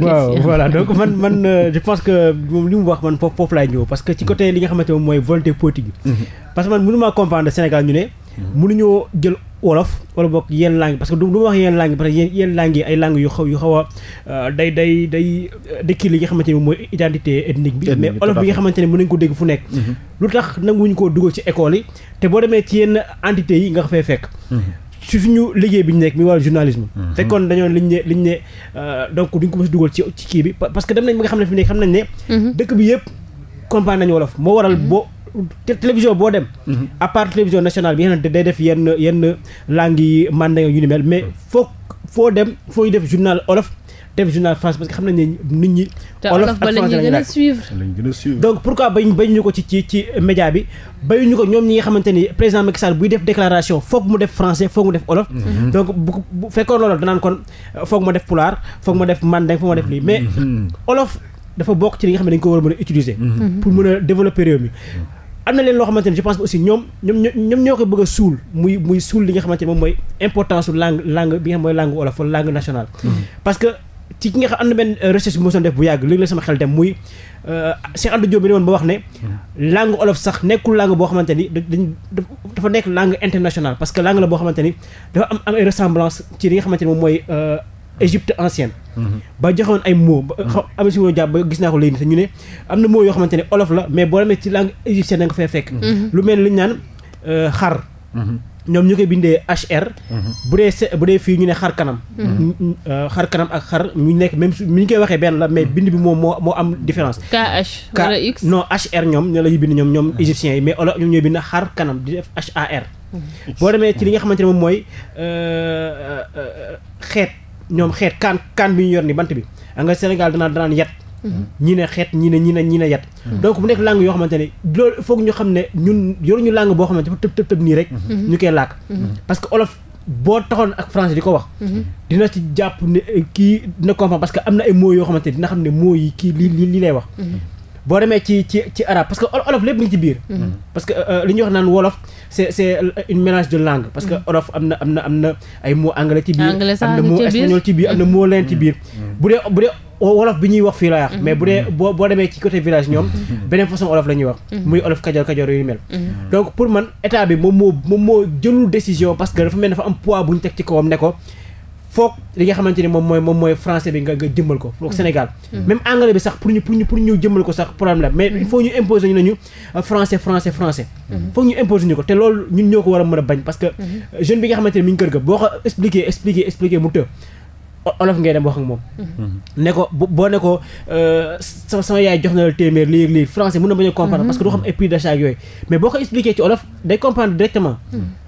waaw voilà donc man man euh, je pense que moom li mu wax man foofu foofu ñëw parce que ci côté li nga xamante moom mooy volonté politique bi. Mm-hmm. parce que man mënuma comprendre Sénégal ñu ne. mënuñoo jël. wolof wala bokk yenn langue parce que du ma wax yenn langue parce que yéen yenn langue yi ay langue yu xaw yu xaw euh, day day day dëkki li nga xamante ni mooy identité ethnique bi mais wolof bi nga xamante ne mën nañu ko dégg fu nekk mhm. lu tax nanguwuñu koo dugal ci yi te boo demee ci yenn entité yi nga fee fekk ci mhm. suñu bi ñu nekk mi wàllu journalisme mhm. fekkoon dañoo liñ ne liñ ne euh, donc duñ ko mos dugal ci ci kii bi parce que dem nañ bi nga xam ne fi nekk xam nañ ne dëkk bi yëpp comprendre nañu wolof moo waral boo télévision boo dem. Mhm. à part télévision nationale bi yenn day def yenn yenn langues yi mandingo yu ni mel mais foo foo dem foo ñu def journal olof. def journal France parce que xam nañ ni nit ñi. olof ak la ñuy gën a suivre. ko ci ci ci bi bayuñu ko ñoom ñi nga xamante ni président Macky Sall buy def déclaration foog mu def français foog mu def olof. Mhm. donc bu bu fekkoon loolu danaan kon foog ma def pulaar foog ma def mandeng foog ma def lii mais mhm. olof dafa bokk ci li nga xam ne dañ ko war a mën a utiliser. pour mën a développer réew am na leen loo xamante ne je pense que aussi ñoom ñoom ñoo ko bëgg a suul muy suul li nga xamante ne moom mooy importance su langue bi nga xam mooy langue mm-hmm. euh, la euh, mm-hmm. olof sax nekkul langue boo xamante ni dafa nekk langue internationale parce que la boo xamante ni dafa am am ay ci li nga xamante ne moom mooy. Euh, Égypte ancienne. Mhm. ba joxoon ay mots. Mhm. am si woo jàpp ba gis naa ko léegi te ñu ne am na mots yoo xamante ne olof la mais boo demee ci langue égyptienne da nga fay fekk. Mhm. lu mel ni li naan euh, xar. ñoom ñu koy bindee HR. bu dee se bu dee fii ñu ne xar kanam. Euh, xar kanam ak xar ñu nekk même su ñu koy waxee benn la mais bind bi moom moo moo am différence. KH non HR ñoom ñoo la ñuy bind ñoom ñoom égyptiens yi mais olof ñoom ñooy bind xar kanam di def HAR. boo demee ci li nga xamante moom mooy euh, xeet. ñoom xeet kaan kaan bi ñu yor ni bant bi nga Sénégal danaa danaan yet mhm. ñi ne xeet ñi ne ñi ne ñi ne yet mhm. donc mu nekk langue yoo xamante ne loolu foog ñu xam ne ñun ñu langue boo xamante tëb tëb tëb nii rek mhm. ñu koy làkk parce que olof boo taxoon ak français di ko wax dina ci jàpp ne kii dina comprendre parce que am na ay mots yoo xamante ne dina xam ne mots yi kii lii lii lay wax boo demee ci ci ci arabe parce que olof lépp ngi ci biir. Mm-hmm. parce que euh, li ñu wax naan wolof c' est c' est une mélange de langue. parce que mm-hmm. olof am na am na am na ay mots anglais ci biir. anglais am na mot ci biir am na mot leen ci biir. Mm-hmm. bu dee bu dee wolof bi ñuy wax fii laa mais bu dee boo boo demee ci côté village ñoom. beneen façon olof la ñuy wax. muy olof kajoor kajoor yu mel. donc pour man état bi moom moo moom moo jëlul décision parce que dafa mel dafa am poids bu ñu teg ci kawam ne ko. foog li nga xamante ni moom mooy moom mooy français bi nga nga jëmmal ko foog Sénégal mm-hmm. même anglais bi sax pour ñu pour ñu jëmmal ko sax problème mais il ñu imposer ñu nañu euh, français français français mm-hmm. foog ñu imposer ñu ko te loolu ñun ñoo ko war a mën a bañ parce que mm-hmm. jeune bi nga xamante ni mi ngi kër ga boo ko expliquer expliquer expliquer mu të olof ngay dem wax ak moom ne ko boo ne ko euh, sama yaay jox na la téeméer lii lii français mën na bañ a comprendre parce que du xam ay prix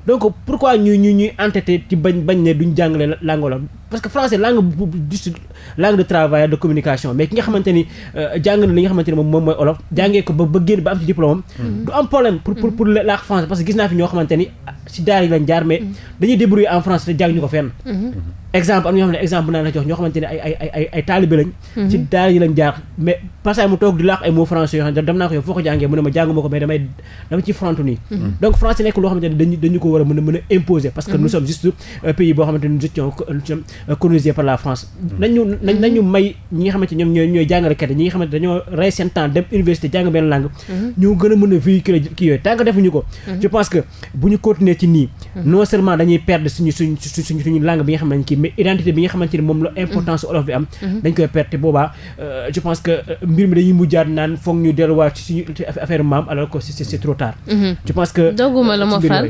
donc pourquoi ñuy ñu ñuy entêté ci bañ bañ ne duñ jàngale langue wolof parce que français langue juste langue de travail de communication mais ki nga xamante ni euh, jàng na la français parce que gis yi lañ jaar te jàng ñu ko fenn exemple am ñoo xam ne exemple naa la jox ñoo xamante ne ay ah, ay ay lañ ci daara yi lañ jaar mais mm-hmm. mm-hmm. mm-hmm. parce mu toog di laax ay mots français yoo dem naa ko yow foo ko jàngee mu ne ma jànguma ko mais damay dama ci frontu ko war a mën a mën a imposer parce que nous mhm. sommes juste euh, pays boo xamante ne nous euh, par la France mhm. nañu mhm. nañu may ñi xamante ñooy ñooy jàngalekat ñi nga dañuy perdre suñu langue bi nga xamante moom la importance olof bi am dañ koy perte boobaa euh, je pense que mbir mi dañuy mujjaat naan foog ñu delluwaat ci suñu affaire maam alors que c'est trop tard je pense que dogguma la ma fal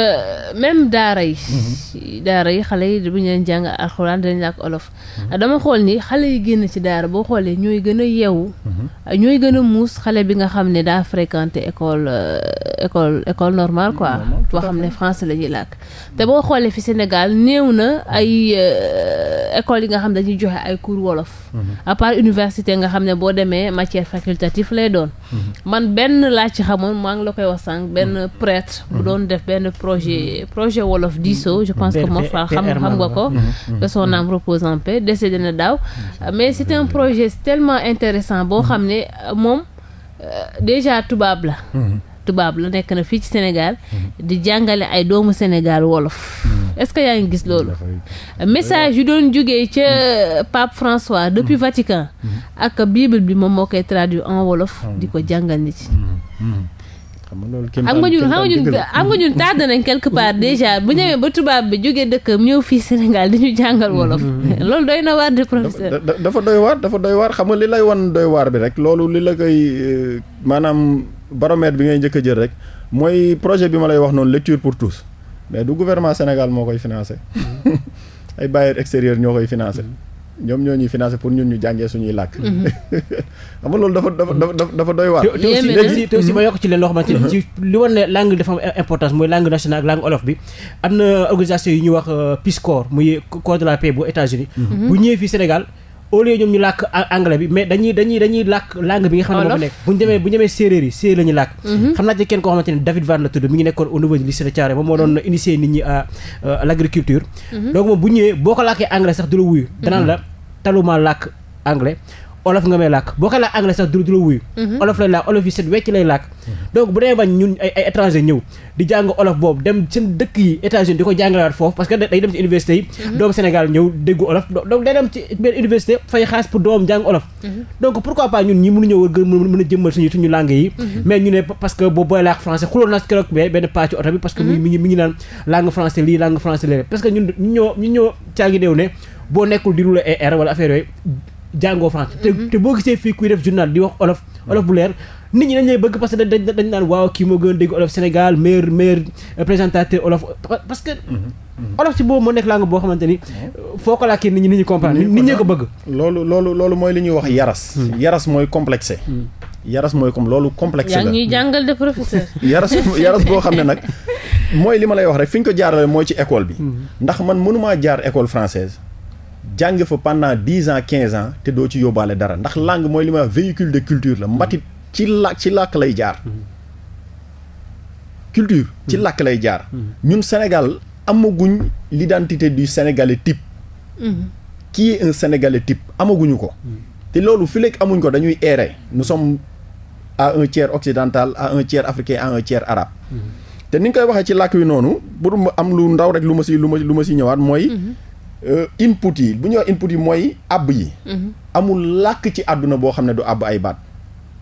Euh, même daara yi. Mhm. daara yi xale yi bu ñu leen jàng alxuraan dañ làkk olof. Mhm. dama xool nii xale yi génn ci daara boo xoolee ñooy gën a yeewu. Mhm. ñooy gën a muus xale bi nga xam ne daa fréquenté école euh, école école normale quoi. boo xam ne français la ñuy làkk. te boo xoolee fi Sénégal néew na ay euh, école yi nga xam dañuy joxe ay cour wolof. à part université nga xam ne boo demee matière facultative lay doon. man benn laa ci xamoon maa ngi la koy wax benn prêtre. bu doon projet mm-hmm. projet wolof diiso je pense mm-hmm. que moo fa xam xam nga mm-hmm. ko que son âme repose en paix décédé na daaw mais c'est un projet tellement intéressant boo xam ne moom euh, déjà tubaab la tubaab la nekk na fii ci Sénégal di jàngale ay doomu Sénégal wolof est-ce que yaa ngi gis loolu message yu doon jógee ca Pape François depuis Vatican ak Bible bi moom moo koy traduire en wolof di ko jàngal nit ci xam nga loolu kenn xam nga ñun xam nga ñun xam nga ñun tardé nañ quelque part (laughs) déjà bu ñëwee ba tubaab bi jógee dëkkam ñëw fii Sénégal di ñu jàngal wolof mm-hmm. (laughs) loolu doy na waar de professeur dafa doy waar dafa doy waar xam nga li lay wan doy waar bi rek loolu li la koy euh, maanaam baromètre bi ngay njëkk a jël rek mooy projet bi ma lay wax noonu lecture pour tous mais du gouvernement Sénégal moo koy financé mm-hmm. (laughs) ay bailleurs extérieurs ñoo koy financé mm-hmm. ñoom ñoo ñuy financé pour ñun ñu jàngee suñuy làkk. Mhm. (laughs) xam nga loolu dafa dafa dafa doy waar. léegi te aussi ma yokk ci leen loo xamante ni mhm. ci li war ne langue dafa am importance mooy langue nationale ak langue olof bi am na organisation yu ñuy wax euh, Peace Corps muy corps de la paix bu États-Unis mhm. bu ñëwee fii Sénégal au lieu ñoom ñu làkk anglais bi mais dañuy dañuy dañuy làkk langue bi nga xam ne moo fi nekk bu ñu bu ñu séeréer yi séeréer la làkk mhm. xam naa ci kenn koo xamante ne David Van la tudd mi ngi nekkoon au niveau du moo doon mhm. initier nit ñi à euh, l'agriculture mhm. donc moom bu ñëwee boo ko làkkee anglais sax du la wuyu danaan la taluma làkk anglais olof nga may làkk boo ko làkk anglais sax du la wuyu mhm. olof lay làkk olof yi set wecc lay làkk mhm. donc bu demee bañ ñun ay étranger ñëw di jàng olof boobu dem seen dëkk yi états-unis di ko jàngalewaat foofu parce que day dem ci université yi mhm. doomu Sénégal ñëw déggu olof donc day dem ci benn université fay xaas pour doomam jàng olof donc pourquoi pas ñun ñi mënu ñëw war gën mën a jëmmal suñu suñu langue yi mais ñu ne parce que booy làkk français xuloon naa si jàngoo français. te mhm. te boo gisee fii kuy def journal di wax olof olof bu leer. nit ñi dañ lay bëgg parce que dañ dañ naan waaw kii moo gën a dégg olof Sénégal meilleur meilleur présentateur olof parce que. Mhm. Mhm. olof ci boobu moo nekk langue boo xamante ni. foo ko làkkee nit ñi nit ñi comprendre nit ñi ko bëgg. loolu loolu loolu mooy li ñuy wax yaras. Hmm. yaras mooy complexé. Hmm. yaras mooy comme loolu complexé la yaa ngi jàngal de professeur. (laughs) yaras yaras boo xam ne nag mooy li ma lay wax rek fi ñu ko jaarale mooy ci école bi. Hmm. ndax man mënumaa jaar école française jàng fa pandant dix ans quinze ans te doo ci yóbbaale dara ndax langue mooy li ma véhicule de culture la mbatit ci làkk ci làkk lay jaar mm-hmm. culture ci mm-hmm. làkk lay jaar mm-hmm. ñun Sénégal amaguñ l'identité du Sénégalais type qui est un type amaguñu ko te loolu fi léegi amuñ ko dañuy errer nous sommes à un tiers occidental à un tiers africain à un tiers te ni nga koy waxee ci làkk wi noonu pour am lu ndaw rek lu ma si lu ma lu ma si ñëwaat mooy Euh, input yi bu ñuy wax input yi mooy àbb yi. Mhm. amul làkk ci àdduna boo xam ne du àbb ay baat.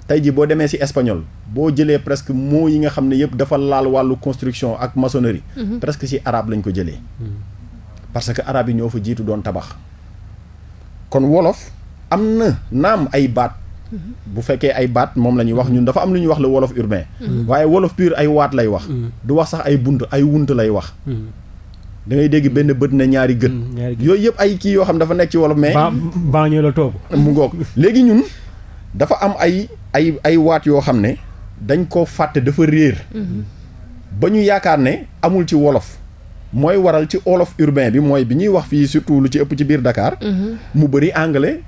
tey jii boo demee si espagnol boo jëlee presque mots yi nga xam ne yëpp dafa laal wàllu construction ak maçonnerie. Mhm. presque si arabe lañ ko jëlee. Hmm. parce que arabe yi ñoo fa jiitu doon tabax. kon wolof am na naam ay baat. Mhm. bu fekkee ay baat moom la ñuy wax ñun dafa am lu ñuy wax la wolof urbain. waaye wolof pur ay waat lay wax. Hmm. du wax sax ay bunt ay wunt lay wax. Hmm. dangay dégg benn bët na ñaari gën mm, yooyu yëpp ay kii yoo xam dafa nekk ci wolof mais. ba la toog. mu ngoog léegi ñun dafa am ay ay ay waat yoo xam ne dañ ko fàtte dafa réer. Mm-hmm. ba ñu yaakaar ne amul ci wolof. mooy waral ci olof urbain bi mooy bi ñuy wax fii surtout lu ci ëpp ci biir dakaar mm-hmm. mu bëri anglais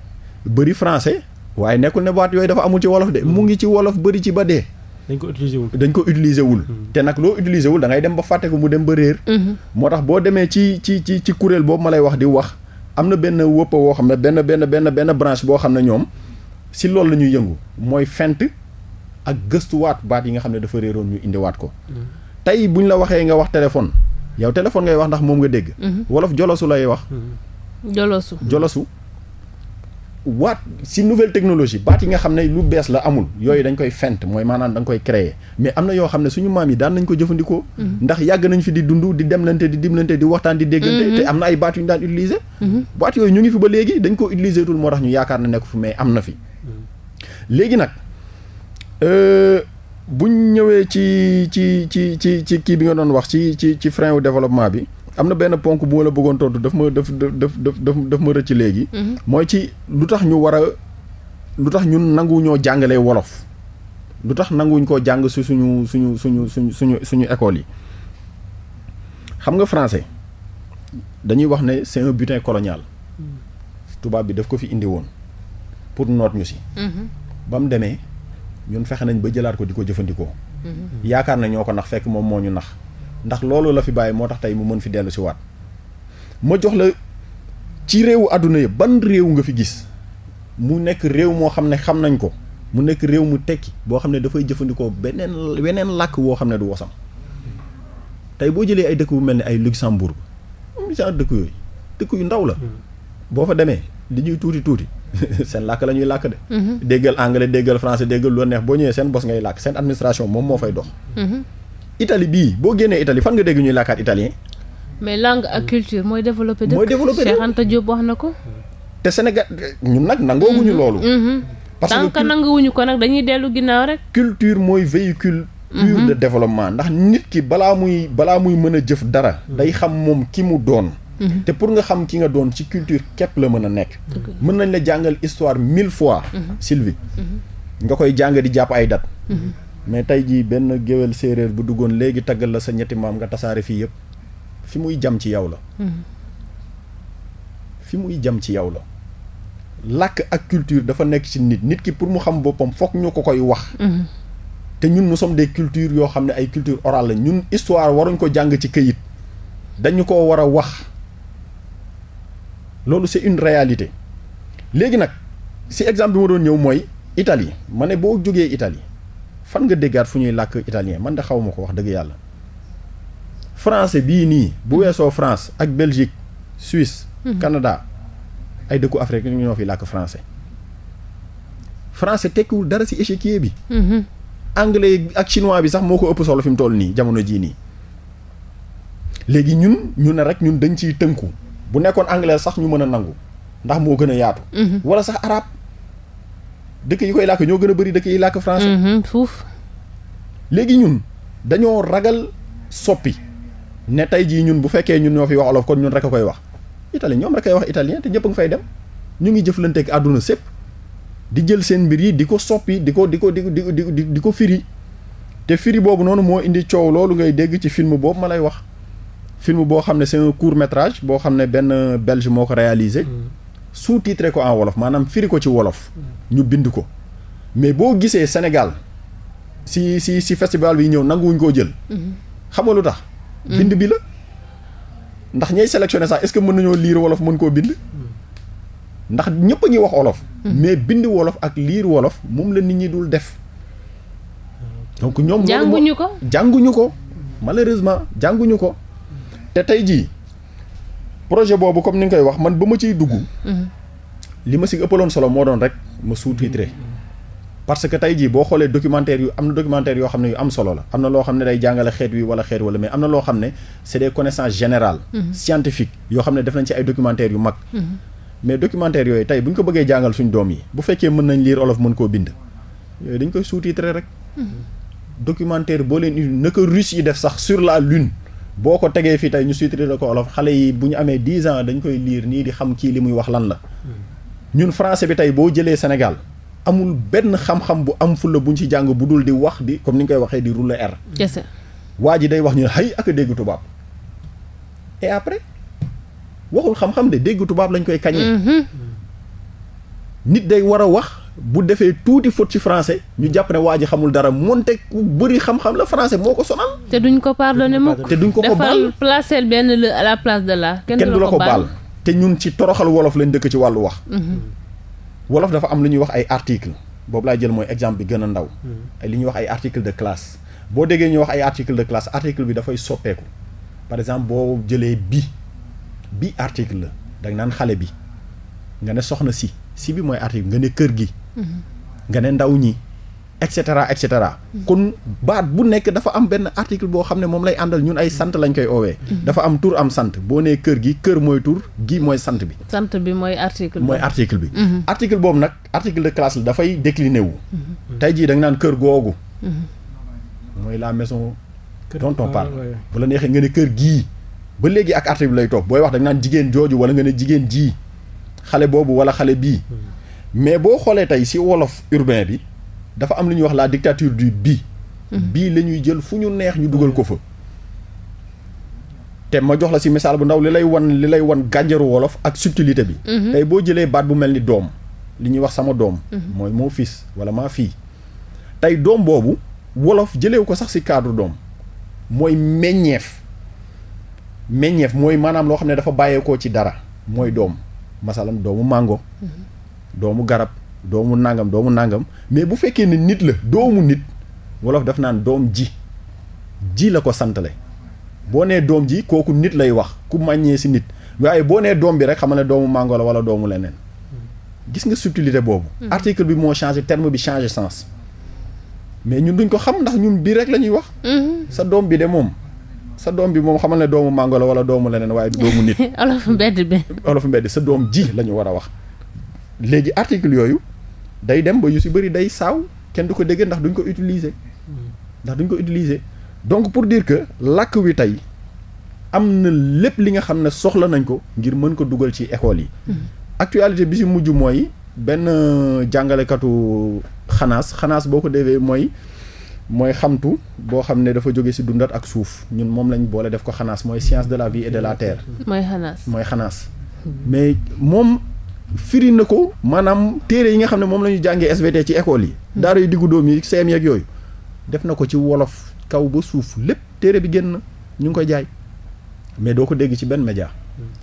bëri français. waaye nekkul ne waat yooyu dafa amul ci wolof de mu ngi ci wolof bëri ci ba dee. dañ ko utiliser wul dañ ko utiliser wul. Hmm. te nag loo utiliser wul da ngay dem ba fàtte ko mu dem ba réer. Hmm. moo tax boo demee ci ci ci ci kuréel boobu ma lay wax di wax am na benn wëppa woo xam ne benn benn benn benn branche boo xam ne ñoom si loolu la ñuy yëngu mooy fent ak gëstuwaat baat yi nga xam ne dafa réeroon ñu indiwaat ko. Hmm. tey buñ la waxee nga wax téléphone yow téléphone ngay wax ndax moom nga dégg. wolof jolosu lay wax. jolosu jolosu. waat si nouvelle technologie baat yi nga xam ne lu bees la amul yooyu dañ koy fent mooy maanaam da nga koy créer mais am na yoo xam ne suñu maam yi daan nañ ko jëfandikoo mhm. ndax yàgg nañ fi di dund di demlante di dimlante di waxtaan di déggante mhm. te am na ay baat yu ñu daan utiliser mhm. baat yooyu ñu ngi fi ba léegi dañ ko utiliser tul moo tax ñu yaakaar na nekk fi mais am na fi léegi nag euh, buñ ñëwee ci ci ci ci ci kii bi nga doon wax ci ci ci frein wu développement bi am na benn ponk bu ma la bëggoon tontu daf ma daf daf daf daf ma rëcc léegi. Mhm. mooy ci lu tax ñu war a lu tax ñun nangu ñoo jàngalee wolof. lu tax nanguwuñ koo jàng si suñu suñu suñu suñu suñu suñu école yi xam nga français dañuy wax ne c'est un butin colonial. Mm. tubaab bi daf ko fi indi woon pour noot ñu si. Mhm. ba mu demee ñun fexe nañ ba jëlaat ko di ko jëfandikoo. Mhm. yaakaar na ñoo ko nax fekk moom moo ñu nax. ndax loolu la fi bàyyi moo tax tey mu mën fi dellu si waat ma jox la ci réewu àdduna yi ban réew nga fi gis mu nekk réew moo xam ne xam nañ ko mu nekk réew mu tekki boo xam ne dafay jëfandikoo beneen beneen làkk woo xam ne du wasam tey boo jëlee ay dëkk bu mel ni ay Luxembourg genre dëkk yooyu dëkk yu ndaw la hmm. boo fa demee li ñuy tuuti tuuti (laughs) seen làkk la ñuy làkk de hmm. déggal anglais déggal français déggal lu neex boo ñëwee seen bos ngay làkk seen administration moom moo fay itali bii boo génnee itali fan nga dégg ñuy làkkaat italien. mais langue ak culture mooy développé. mooy développé Cheikh Anta Diop wax na ko. te Sénégal ñun nag nangooguñu mhm. loolu. Mhm. parce que nanguwuñu ko nag dañuy dellu ginnaaw rek. culture mooy véhicule. pur mhm. de développement ndax nit ki balaa muy balaa muy mën a jëf dara. day xam moom ki mu doon. te pour nga xam ki nga doon ci culture képp la mën a nekk. mën nañ la jàngal histoire mille fois. Sylvie. nga koy jàng di jàpp ay date. mais tey jii benn géwél séeréer bu duggoon léegi taggal la sa ñetti maam nga tasaare fii yëpp fi muy jam ci yow la hmm. fi muy ci yow la làkk ak culture dafa nekk ci nit nit ki pour mu xam boppam foog ñu ko koy wax hmm. te ñun nous sommes des cultures yoo xam ne ay culture orale la ñun histoire waruñ ko jàng ci këyit dañu ko war a wax loolu c'est une réalité léegi nag si exemple bi ma doon ñëw mooy Italie ma ne boo jógee Italie fan nga déggaat fu ñuy làkk italien man de xaw ma ko wax dëgg yàlla français bii nii bu mhm. weesoo France ak Belgique Suisse mhm. Canada ay dëkku Afrique ñu ñoo fi làkk français français tekkiwul dara ci échiquier bi mhm. anglais ak chinois bi sax moo ko ëpp solo fi mu toll nii jamono jii nii léegi ñun ñu ne rek ñun dañ ciy tënku bu nekkoon anglais sax ñu mën a nangu ndax moo gën a yaatu wala sax arabe dëkk yi koy làkk ñoo gën a bari dëkk yi làkk français. Mhm, fuuf. léegi ñun dañoo ragal soppi ne tey jii ñun bu fekkee ñun ñoo fi wax olof kon ñun rek a koy wax italien ñoom rek ay wax italien te ñëpp nga fay dem ñu ngi jëflanteek àdduna sépp di jël seen mbir yi di ko soppi di ko di ko di di di di ko firi te firi boobu noonu moo indi coow loolu ngay dégg ci film boobu ma lay wax film boo xam ne c'est un court métrage boo xam ne benn belge moo ko réalisé. Mm. sous-titré ko en wolof maanaam firi ko ci wolof. ñu bind ko mais boo gisee Sénégal si si si festival bi ñëw nanguwuñ koo jël. Mhm. xam lu tax. Mhm. bind bi la. ndax ñay sélectionné sax est-ce que mën nañoo liir wolof mën koo bind. Mhm. ndax ñëpp a wax wolof. mais bind wolof ak liir wolof moom la nit ñi dul def. donc ñoom. jànguñu ko jànguñu ko. malheureusement jànguñu ko. te tey jii projet boobu comme ni nga koy wax man ba ma ciy dugg. Mhm. li ma si ëppaloon solo moo doon rek ma sous-titré. Mhm. parce que tey jii boo xoolee documentaire yu am na documentaire yoo xam ne yu am solo la am na loo ne day jàngale xeet wi wala xeet am na loo xam ne c'est des connaissances générales mhm. scientifiques yoo xam ne def nañ ci ay documentaire yu mag mais documentaire yooyu tey bu ñu ko bëggee jàngal suñ doom yi bu fekkee mën nañ lire olof mën koo bind yooyu dañ koy sous-titrer rek documentaire boo leen indi naka russe yi def sax sur la lune boo ko tegee fii tey ñu suturé ko olof xale yi bu ñu amee dix ans dañ koy liir nii di xam kii li muy wax lan la. Hmm. ñun français bi tey boo jëlee Sénégal amul benn xam-xam bu am fulla buñ ci jàng bu dul di wax di comme ni nga koy waxee di rouler R. waa ji day wax ñu ne xëy ak a dégg tubaab et après waxul xam-xam de dégg tubaab lañ koy kañee. Mm-hmm. nit day war a wax. bu defee tuuti faute ci français ñu jàpp ne waa ji xamul dara moonte ku bëri xam-xam la francais moo ko sonal. te duñ ko pardonné mukk te duñ ko ko baal defal placer benn la place de la. kenn du la ko baal te ñun ci toroxal wolof lañ dëkk ci wàllu wax. Mhm. wolof dafa am lu ñuy wax ay article boobu laay jël mooy exemple bi gën a ndaw. Mhm. ay li ñuy wax ay article de classe. boo déggee ñuy wax ay article de classe article bi dafay soppeeku par exemple boo jëlee bi bi article la danga naan xale bi nga ne soxna si si bi mooy article nga ne kër gi. nga ne ndaw ñi et cetera et cetera. kon baat bu nekk dafa am benn article boo xam ne moom lay àndal ñun ay sant lañ koy oowee. dafa am tur am sant boo nee kër gi kër mooy tur gi mooy sant bi. sant bi mooy article. mooy article bi. Mhm. article boobu nag article de classe la dafay décliné wu. Mhm. tey jii da nga naan kër googu. Mhm. mooy la maison. dont on ah, parle bu la neexee nga ne kër gii. ba léegi ak article lay toog booy wax da naan jigéen jooju wala nga ne jigéen jii xale boobu wala xale bii. mais boo xoolee tey si wolof urbain bi dafa am lu ñuy wax laa dictature du bii. Mm-hmm. bii la ñuy jël fu ñu neex ñu dugal ko fa. te ma jox la si misaal bu ndaw li lay wan li lay wan gànjaru wolof ak subtilité bi. Mm-hmm. tey boo jëlee baat bu mel ni doom. li ñuy wax sama doom. Mm-hmm. mooy moo fils wala maa fii. tey doom boobu wolof jëlewu ko sax si cadre doom mooy meññeef meññeef mooy maanaam loo xam ne dafa bàyyeekoo ci dara mooy doom masalam doomu mango. doomu garab doomu nangam doomu nangam mais bu fekkee ne nit la doomu nit wolof daf naan doom ji ji la ko santale boo nee doom ji kooku nit lay wax ku màññee si nit waaye boo nee doom bi rek xam ne doomu màngo la wala doomu leneen gis nga subtilité boobu. Hmm. article bi moo changé terme bi changé sens. mais ñun duñ ko xam ndax ñun bii rek la ñuy wax. Hmm. sa doom bi de moom. sa doom bi moom xamal ne doomu màngo la wala doomu leneen waaye doomu nit. (laughs) olof mbedd bi. olof mbedd sa doom ji la ñu war a wax. léegi article yooyu day dem ba yu si bëri day saaw kenn du ko dégg ndax duñ ko utiliser ndax duñ ko utiliser donc pour dire que làkk wi tey am na lépp li nga xam ne soxla nañ ko ngir mën ko dugal ci école yi hmm. actualité bi si mujj mooy benn euh, jàngalekatu xanaas xanaas boo ko defee mooy mooy xamtu boo xam ne dafa jóge si dundat ak suuf ñun moom lañ boole def ko xanaas mooy science de la vie et de la terre mooy xanaas mooy xanaas hmm. mais moom firi na ko maanaam téere yi nga xam ne moom la ñu jàngee SVT ci école yi. Hmm. daara yu diggu doom yi CM yeeg yooyu. def na ko ci wolof kaw ba suuf lépp téere bi génn ñu ngi koy jaay mais doo ko dégg ci benn média.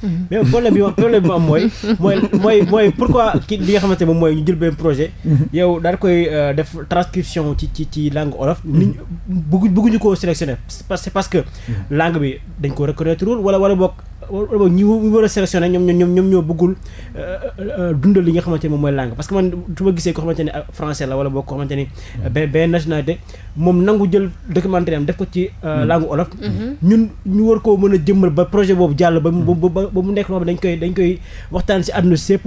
Hmm. mais problème bi problème bi mu am mooy mooy mooy mooy pourquoi ki li nga xamante moom mooy ñu jël benn projet hmm. yow daal koy euh, def transcription ci ci ci langue olof niñ bëggu bëgguñu koo sélectionner c'est parce que langue bi dañ ko reconnaître wul wala wala bokk wala ñi war a sélectionné ñoom ñoom ñoo bëggul euh, euh, dundal li nga xamante ne moom mooy langue parce que man su ma gisee ko xamante ne euh, français la wala boo ko xamante ni benn benn nationalité moom nangu jël documentaire am def ko ci mm-hmm. langue olof mm-hmm. ñun ñu war koo mën a jëmmal ba projet boobu jàll mm-hmm. ba ba mu nekk loo xam ne dañ koy dañ koy waxtaan si àdduna sépp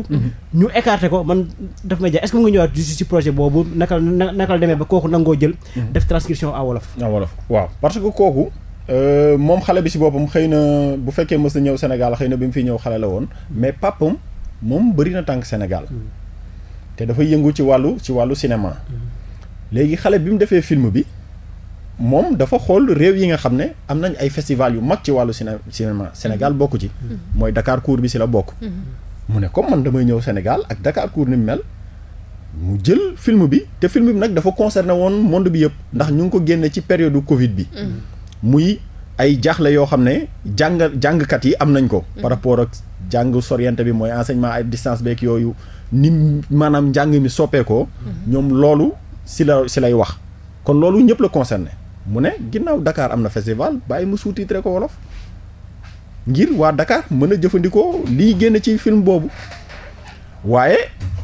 ñu écarté ko man daf may jaay est-ce que mu nga ñëwaat juste si projet boobu nakal demee ba kooku nangoo jël def transcription à wolof à waaw parce que kooku Euh, moom xale bi si boppam xëy na bu fekkee mës na ñëw Sénégal xëy na bi mu fi ñëw xale la woon mais papam moom bëri na tànk Sénégal te dafay yëngu ci wàllu ci wàllu cinéma léegi xale bi mu defee film bi moom dafa xool réew yi nga xam ne am nañ ay festival yu mag ci wàllu ciné cinéma Sénégal bokk ci mooy dakaar Court bi si la bokk mu ne comme man damay ñëw senegal ak Dakar Court ni mu mel mu jël film bi te film bi nag dafa concerné woon monde bi yëpp ndax ñu ngi ko génne ci période Covid bi muy ay jaaxle yoo xam ne jàng jàngkat yi am nañ ko. Mm-hmm. par rapport ak jàng sorienté bi mooy enseignement à distance beeg yooyu ni maanaam njàng mi soppeekoo. Mm-hmm. ñoom loolu si la si lay wax. kon loolu ñëpp la concerné mu ne ginnaaw dakaar am na festival bàyyi mu sous-titré ko wolof ngir waa Dakar mën a jëfandikoo liy génn ci film boobu waaye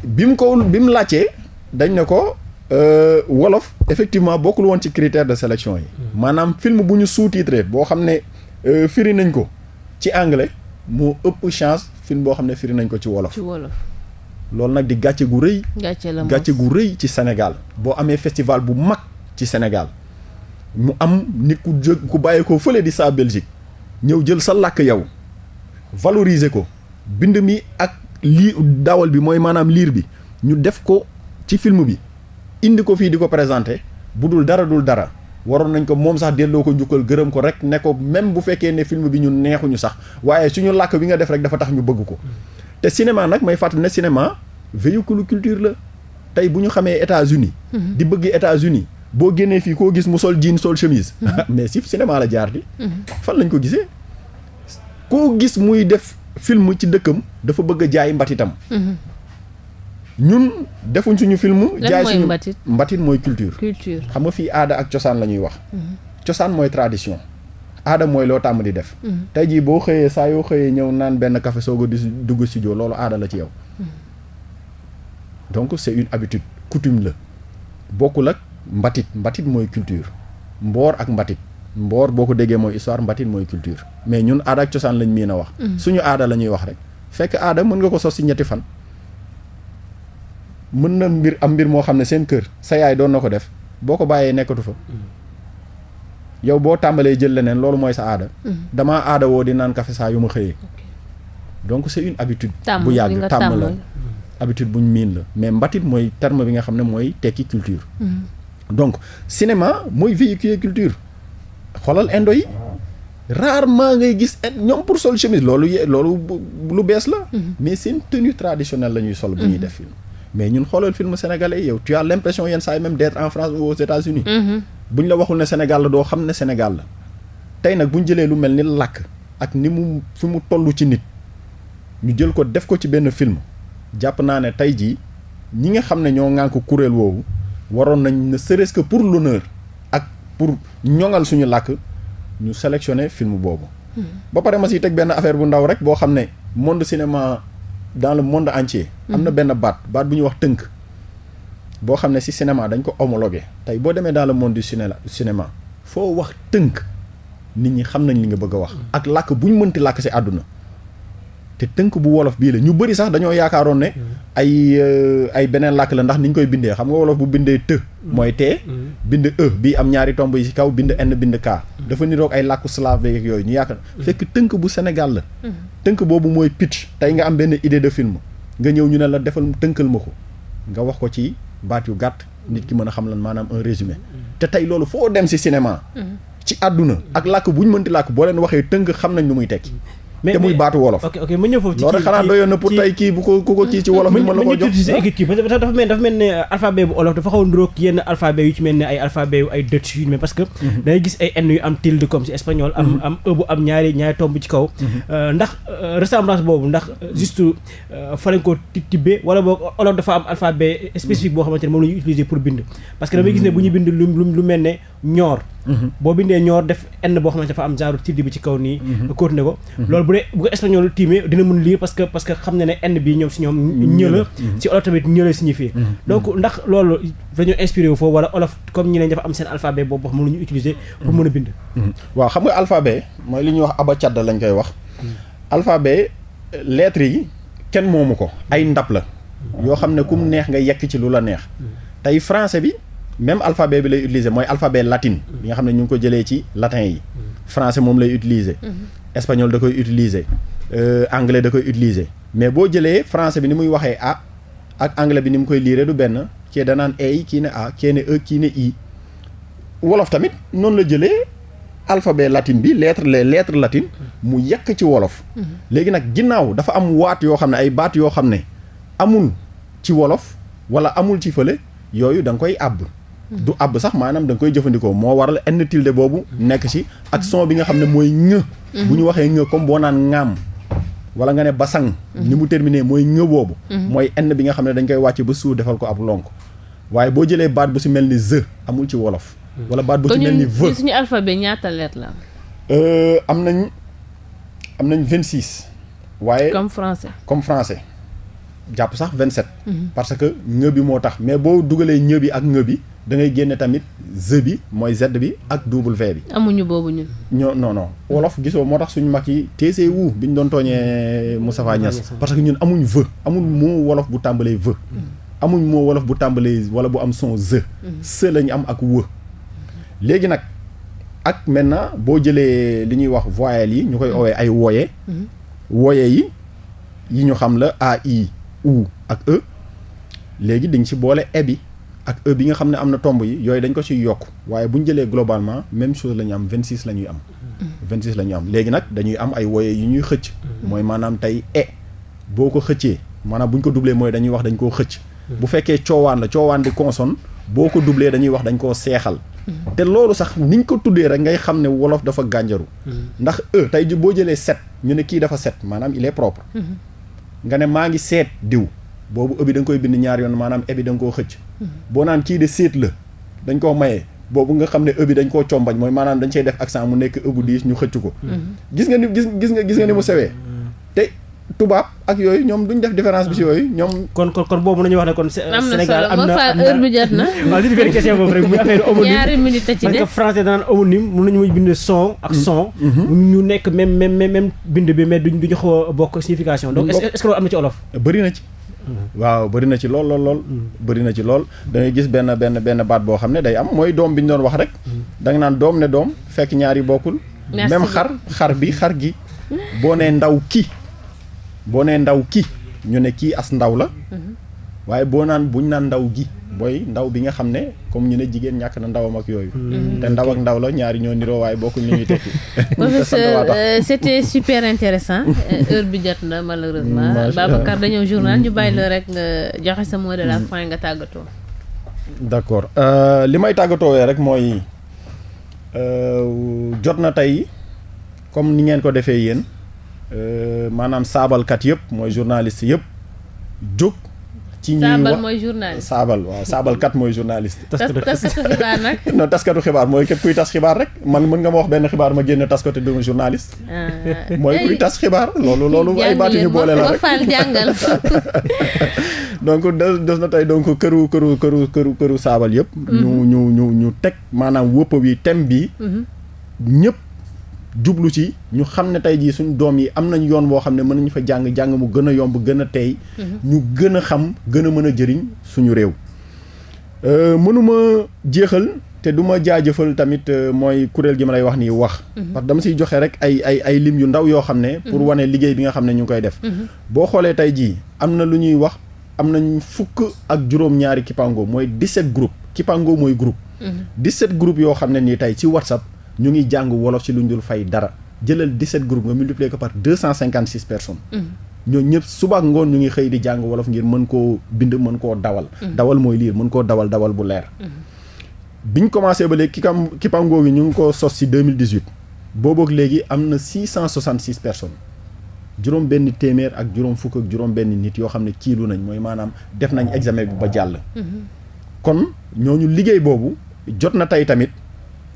bi mu ko bi mu laajtee dañ ne ko. Euh, wolof effectivement bokkul woon ci critère de sélection yi. Hmm. maanaam film bu ñu sous-titré boo xam ne euh, firi nañ ko ci anglais moo ëpp chance film boo xam ne firi nañ ko ci wolof. ci wolof loolu nag di gàcce gu rëy. gàcce la gàcce gu rëy ci Sénégal. boo amee festival bu mag ci Sénégal mu am nit ku jë ku bàyyi ko fële di saa Belgique ñëw jël sa làkk yow valoriser ko bind mi ak lii dawal bi mooy maanaam liir bi ñu def ko ci film bi. indi ko fii di ko présenté bu dul dara dul dara waroon nañ ko moom sax delloo ko njukkal gërëm ko rek ne ko même bu fekkee ne film bi ñu neexuñu sax waaye suñu làkk bi nga def rek dafa tax ñu bëgg ko te cinéma nag may fàttali ne cinéma véhicule culture la tey bu ñu xamee états uni mhm. di bëgg États-Unis boo génnee fii koo gis mu sol jean sol chemise mhm. (laughs) mais si cinéma la jaar di mhm. fan lañ ko gisee koo gis muy def film ci dëkkam dafa bëgg a jaay mbatitam ñun defuñ suñu film. jaay suñu mbatit mbatit mooy culture. culture xam nga fii aada ak cosaan la ñuy wax. Mhm. cosaan mooy tradition. aada mooy loo tàmm di def. Mhm. tey jii boo xëyee saa yoo xëyee ñëw naan benn café soog a di dugg studio loolu aada la ci yow. Mhm. donc c'est une habitude coutume la bokkul ak mbatit mbatit mooy culture mboor ak mbatit. mboor boo ko déggee mooy histoire mbatit mooy culture mais ñun aada ak cosaan lañ miin a wax. suñu aada la ñuy wax rek fekk aada mën nga ko sos ci ñetti fan. mën na mbir am mbir moo xam ne seen kër sa yaay doon na ko def boo ko bàyyee nekkatu fa mm. yow boo tàmbalee jël leneen loolu mooy sa aada mm. damaa aada woo di naan kafe saa yu ma xëyee donc c'est une habitude bu yàgg tàmm la mm. habitude buñ miin la mais mbatit mooy terme bi nga xam ne mooy tekki culture donc cinéma mooy véhiculer culture xoolal indo yi rarement ngay gis ñoom pour sol chemise loolu ye loolu lu bees la mais seen tenue traditionnelle la ñuy sol bu def film mais ñun xoolal film sénégalais yow tu as l' impression yenn saa yi même d' être en France ou aux unis mm-hmm. buñ la waxul ne Sénégal la doo xam ne Sénégal la tey nag buñ jëlee lu mel ni làkk ak ni mu fi mu toll ci nit ñu jël ko def ko ci benn film jàpp naa ne tey jii ñi nga xam ne ñoo ŋànk kuréel woowu waroon nañ ne serait que pour l'honneur ak pour ñoŋal suñu làkk ñu sélectionné film boobu mm-hmm. ba pare ma siy teg benn affaire bu ndaw rek boo xam ne monde cinéma dans le monde entier. Mhm. am na benn baat baat bu ñuy wax tënk. boo xam ne si cinéma dañ ko homologué tey boo demee dans le monde du cinéma foo wax tënk nit ñi xam nañ li nga bëgg wax. Mhm. ak làkk bu ñu mënti làkk si àdduna. te tënk bu wolof bii la ñu bëri sax dañoo yaakaaroon ne mm. ay euh, ay beneen làkk la ndax ni koy bindee xam nga wolof bu bindee të mm. mooy tee mm. bind e bii am ñaari tomb yi ci kaw bind n bind kaa dafa niroog ay làkku slave ak yooyu ñu yaakaar fekk tënk bu Sénégal tënk boobu mooy pitch tey nga am benn idée de film nga ñëw ñu ne la defal tënkal ma nga wax ko ci baat yu gàtt nit ki mën a xam lan maanaam un te tey loolu foo dem si cinéma ci àdduna ak làkk bu ñu mënti làkk boo leen waxee tënk xam nañ lu muy tekki te muy baatu wolof. ok ok ma ñëw foofu ci loolu xanaa doyoon na pour tey kii bu ko ku ko kii ci wolof. ñu mën la ko jox dafa dafa dafa mel ne alphabet bu wolof dafa xaw a niróog yenn alphabet yu ci mel ne ay alphabet yu ay dëtt yu mais parce que. Mhm. da gis ay n yu am tilde comme si espagnol. am mhm. am e bu am ñaari ñaari tomb ci kaw. Mhm. Euh, ndax euh, ressemblance boobu ndax euh, juste fa lañ ko tibbee wala boo wolof dafa am alphabet spécifique boo xamante ne moom la ñuy pour bind. parce que damay gis ne bu ñu bind lu lu mel ne ñoor Mm-hmm. boo bindee ñoor def enn boo xam ne dafa am genre tilde bi ci kaw nii mm-hmm. continuer ko mm-hmm. loolu bu dee bu ko espagnol tiimee dina mun lii parce que parce que xam na ne n bi ñoom si ñoom ñëla si olof tamit ñu fii donc ndax loolu dañoo inspiré wu foofu wala olof comme ñi leen dafa am seen alphabet boobu wax mënuñu utiliser pour a bind waaw xam nga alphabet mooy li ñuy wax abacadda lañ koy wax alphabet lettres yi kenn moomu ko ay ndab la yoo xam ne ku neex nga yekk ci lu la neex tey français bi même alphabet bi lay utiliser mooy alphabet latin mm-hmm. bi nga xam ne ñu ngi ko jëlee ci latin yi mm-hmm. français moom lay utiliser mm-hmm. espagnol da koy utiliser euh, anglais da koy utiliser mais boo jëlee français bi ni muy waxee a ak anglais bi ni mu koy liire du benn kii danaan ay e, kii ne a kii ne e, kii ne i wolof tamit noonu la jëlee alphabet latin bi lettre les lettres latines mu yekk ci wolof léegi nag ginnaaw dafa am waat yoo xam ne ay baat yoo xam ne amul ci wolof wala amul ci fële yooyu da nga koy àbb du àbb sax maanaam danga koy jëfandikoo moo waral n tilde boobu nekk ci ak son bi nga xam ne mooy ŋë bu ñu waxee ŋë comme boo naan ŋaam wala nga ne basang ni mu terminé mooy ŋë boobu mooy enn bi nga xam ne dañ koy wàcce ba suuf defal ko ab lonk waaye boo jëlee baat bu ci mel ni z amul ci wolof wala baat bu ci mel ni v suñu alphabet ñaata lettre la am euh, nañ am nañ vingt six waaye comme français comme français jàpp sax vingt sept mhm. parce que ñë bi moo tax mais boo dugalee ñë bi ak ñë bi da ngay génne tamit z bi mooy z bi ak double v bi. amuñu boobu ñun. ñoo non non wolof gisoo moo tax suñu mag yi teesee wu bi ñu doon tooñee Moustapha Niass parce que ñun amuñu v amul moo wolof bu tàmbalee v. Mhm. amuñ moo wolof bu tàmbalee wala bu am son z. Mhm. se la ñu am ak w. léegi nag ak maintenant boo jëlee li ñuy wax voyel yi ñu koy owee ay wooyee. wooyee yi yi ñu xam la a i. ou ak e léegi dañ ci boole e bi ak e bi nga xam ne am na tomb yi yooyu dañ ko ci yokk waaye buñ jëlee globalement même chose la ñuy am 26 la ñuy am. 26 la ñuy am léegi nag dañuy am ay woye yu ñuy xëcc. mooy maanaam tey e boo ko xëccee maanaam buñ ko dublee mooy dañuy wax dañ koo xëcc. bu fekkee coowaan la coowaan di consonne boo ko doublé dañuy wax dañ koo seexal. te loolu sax niñ ko tuddee rek ngay xam ne wolof dafa gànjaru. Mm-hmm. ndax e tey ji boo jëlee set ñu ne kii dafa set maanaam il est nga ne maa ngi seet diw boobu ëbbi da nga koy bind ñaar yoon maanaam ebi da nga koo xëcc mhm. boo naan kii de seet la dañ koo maye boobu nga xam ne ëbbi dañ koo combañ mooy maanaam dañ cey def accent mu nekk ëbbu diis ñu xëcc ko mhm. gis nga ni gis gis nga gis nga ni mu sewee mhm. te tubaab ak yooyu ñoom duñ def différence bi si yooyu ñoom. kon kon kon boobu nañu wax ne kon. Sénégal am na am na heure bi jot na. (laughs) waaw li ci benn question boobu rek muy affaire homonyme ñaari minute ci parce que français danaan homonyme mun nañu muy bind son ak mm-hmm. son. Mm-hmm. ñu nekk même même même bind bi mais duñ duñu xaw a bokk signification. donc est-ce que loolu am na ci olof. bëri na ci. Mm-hmm. waaw bëri na ci lool lool lool. bëri na ci lool da ngay gis benn benn benn baat boo xam ne day am mooy doom bi ñu doon wax rek. da nga naan doom ne doom fekk ñaar yi bokkul. même xar xar bi xar gi boo nee ndaw kii boo nee ndaw ki ñu ne kii as ndaw la mhm. waaye boo naan buñ naan ndaw gi booy ndaw bi nga xam ne comme ñu ne jigéen ñàkk na ndawam ak yooyu mm. Mm. te ndaw ak ndaw la ñaari ñoo niroo waaye bokkuñ li ñuy tekki (laughs) professeur euh, c'était super intéressant euh, heure bi jot na malheureusement Babacar dañoo journal ñu bàyyi la mm. rek nga joxe sa mot de la fin nga tàggatoo euh, li may tàggatoowee rek mooy jot na tey comme ni ngeen ko defee yéen Euh, maanaam saabalkat yëpp mooy journaliste yëpp jóg. ci ñuy saabal mooy journaliste saabal waaw mooy journaliste. (laughs) taskatu xibaar nag. (laughs) non taskatu xibaar mooy képp kuy tas xibaar rek man mën nga ma wax benn xibaar ma génn tas ko te duma mooy kuy tas xibaar loolu loolu. ay baatu ñu boole la rek (laughs) donc des des na tey donc këru këru këru këru këru saabal yëpp. Mm-hmm. ñu ñu ñu ñu teg maanaam wópp wi thème bi mm-hmm. ñëpp. jublu ci ñu xam ne tey jii suñu doom yi am nañu yoon boo xam ne mën nañu fa jàng jàng mu gën a yomb gën a tey. Mm-hmm. ñu gën a xam gën a mën a jëriñ suñu réew. Euh, mënuma jeexal te duma ma jaajëfal tamit euh, mooy kuréel gi ma lay wax nii wax. Mm-hmm. parce que dama siy joxe rek ay ay ay lim yu ndaw yoo xam ne. pour mm-hmm. wane liggéey bi nga xam ne ñu koy def. boo xoolee tey jii am na lu ñuy wax am nañ fukk ak juróom-ñaari kipango mooy set groupe kipango mooy group groupe. set groupe yoo xam ne nii tey ci WhatsApp. ñu ngi jàng wolof ci lu ñu dul fay dara jëlal 17 groupes nga multiplier ko par 256 personnes. Mm-hmm. ñooñu ñëpp suba ak ngoon ñu ngi xëy di jàng wolof ngir mën koo bind mën koo dawal. Mm-hmm. dawal mooy liir mën koo dawal dawal bu leer. Mm-hmm. bi ñu commencé ba léegi ki kipangoo bi ñu ngi ko sos si 2018 boobook léegi am na 666 personnes. juróom benn téeméer ak juróom fukk ak juróom benn nit yoo xam ne kiilu nañ mooy maanaam def nañ examen bi ba jàll. kon ñooñu liggéey boobu jot na tey tamit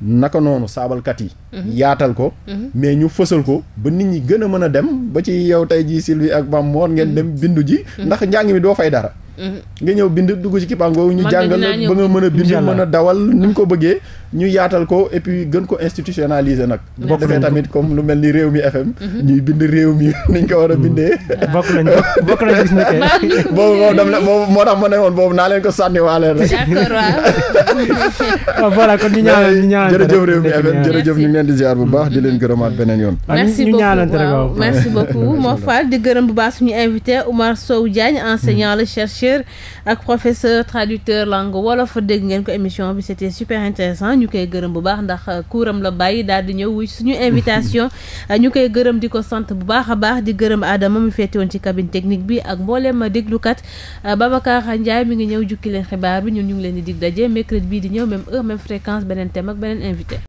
naka noonu saabalkat yi. Mhm. yaatal ko. Mhm. mais ñu fësal ko ba nit ñi gën a mën a dem ba ci yow tey jii Sylvie ak Bam moon ngeen mhm. dem bindu ji. ndax njàng mi doo fay dara. Mm-hmm. nga ñëw bind dugg ci kippaangoo ñu jàngal ba nga mën a bind mën a dawal ni ñu ko bëggee ñu yaatal ko et puis gën ko institutionnaliser nag boo defee tamit comme lu mel ni réew mi FM mm-hmm. ñuy bind réew mi (laughs) niñ ko war a mm-hmm. bindee bokk nañ bokk nañ gis nekkee (laughs) boobu boobu dam boobu moo tax woon boobu naa leen ko sànni waaleen rek (laughs) ah, voilà kon ñu ñaanal ñu ñaanal jërëjëf réew mi FM ñu leen di ziar bu baax di leen gërëmaat beneen yoon ah, ñu ñaanalante rek waaw merci beaucoup moo Fall di gërëm bu baax suñu invité Oumar Sow Diagne enseignant la cherche chercheur ak professeur traducteur langue wolof dégg ngeen ko émission bi c'était super intéressant ñu koy gërëm bu baax ndax euh, kuuram la bàyyi daal di ñëw wuy suñu invitation (laughs) ñu koy gërëm di ko sant bu baax a baax di gërëm Adama mu féete woon ci cabine technique bi ak mbooleem déglukat euh, Babacar Ndiaye mi ngi ñëw jukki leen xibaar bi ñun ñu ngi leen di dig daje mercredi bii di ñëw même heure même fréquence beneen thème ak beneen invité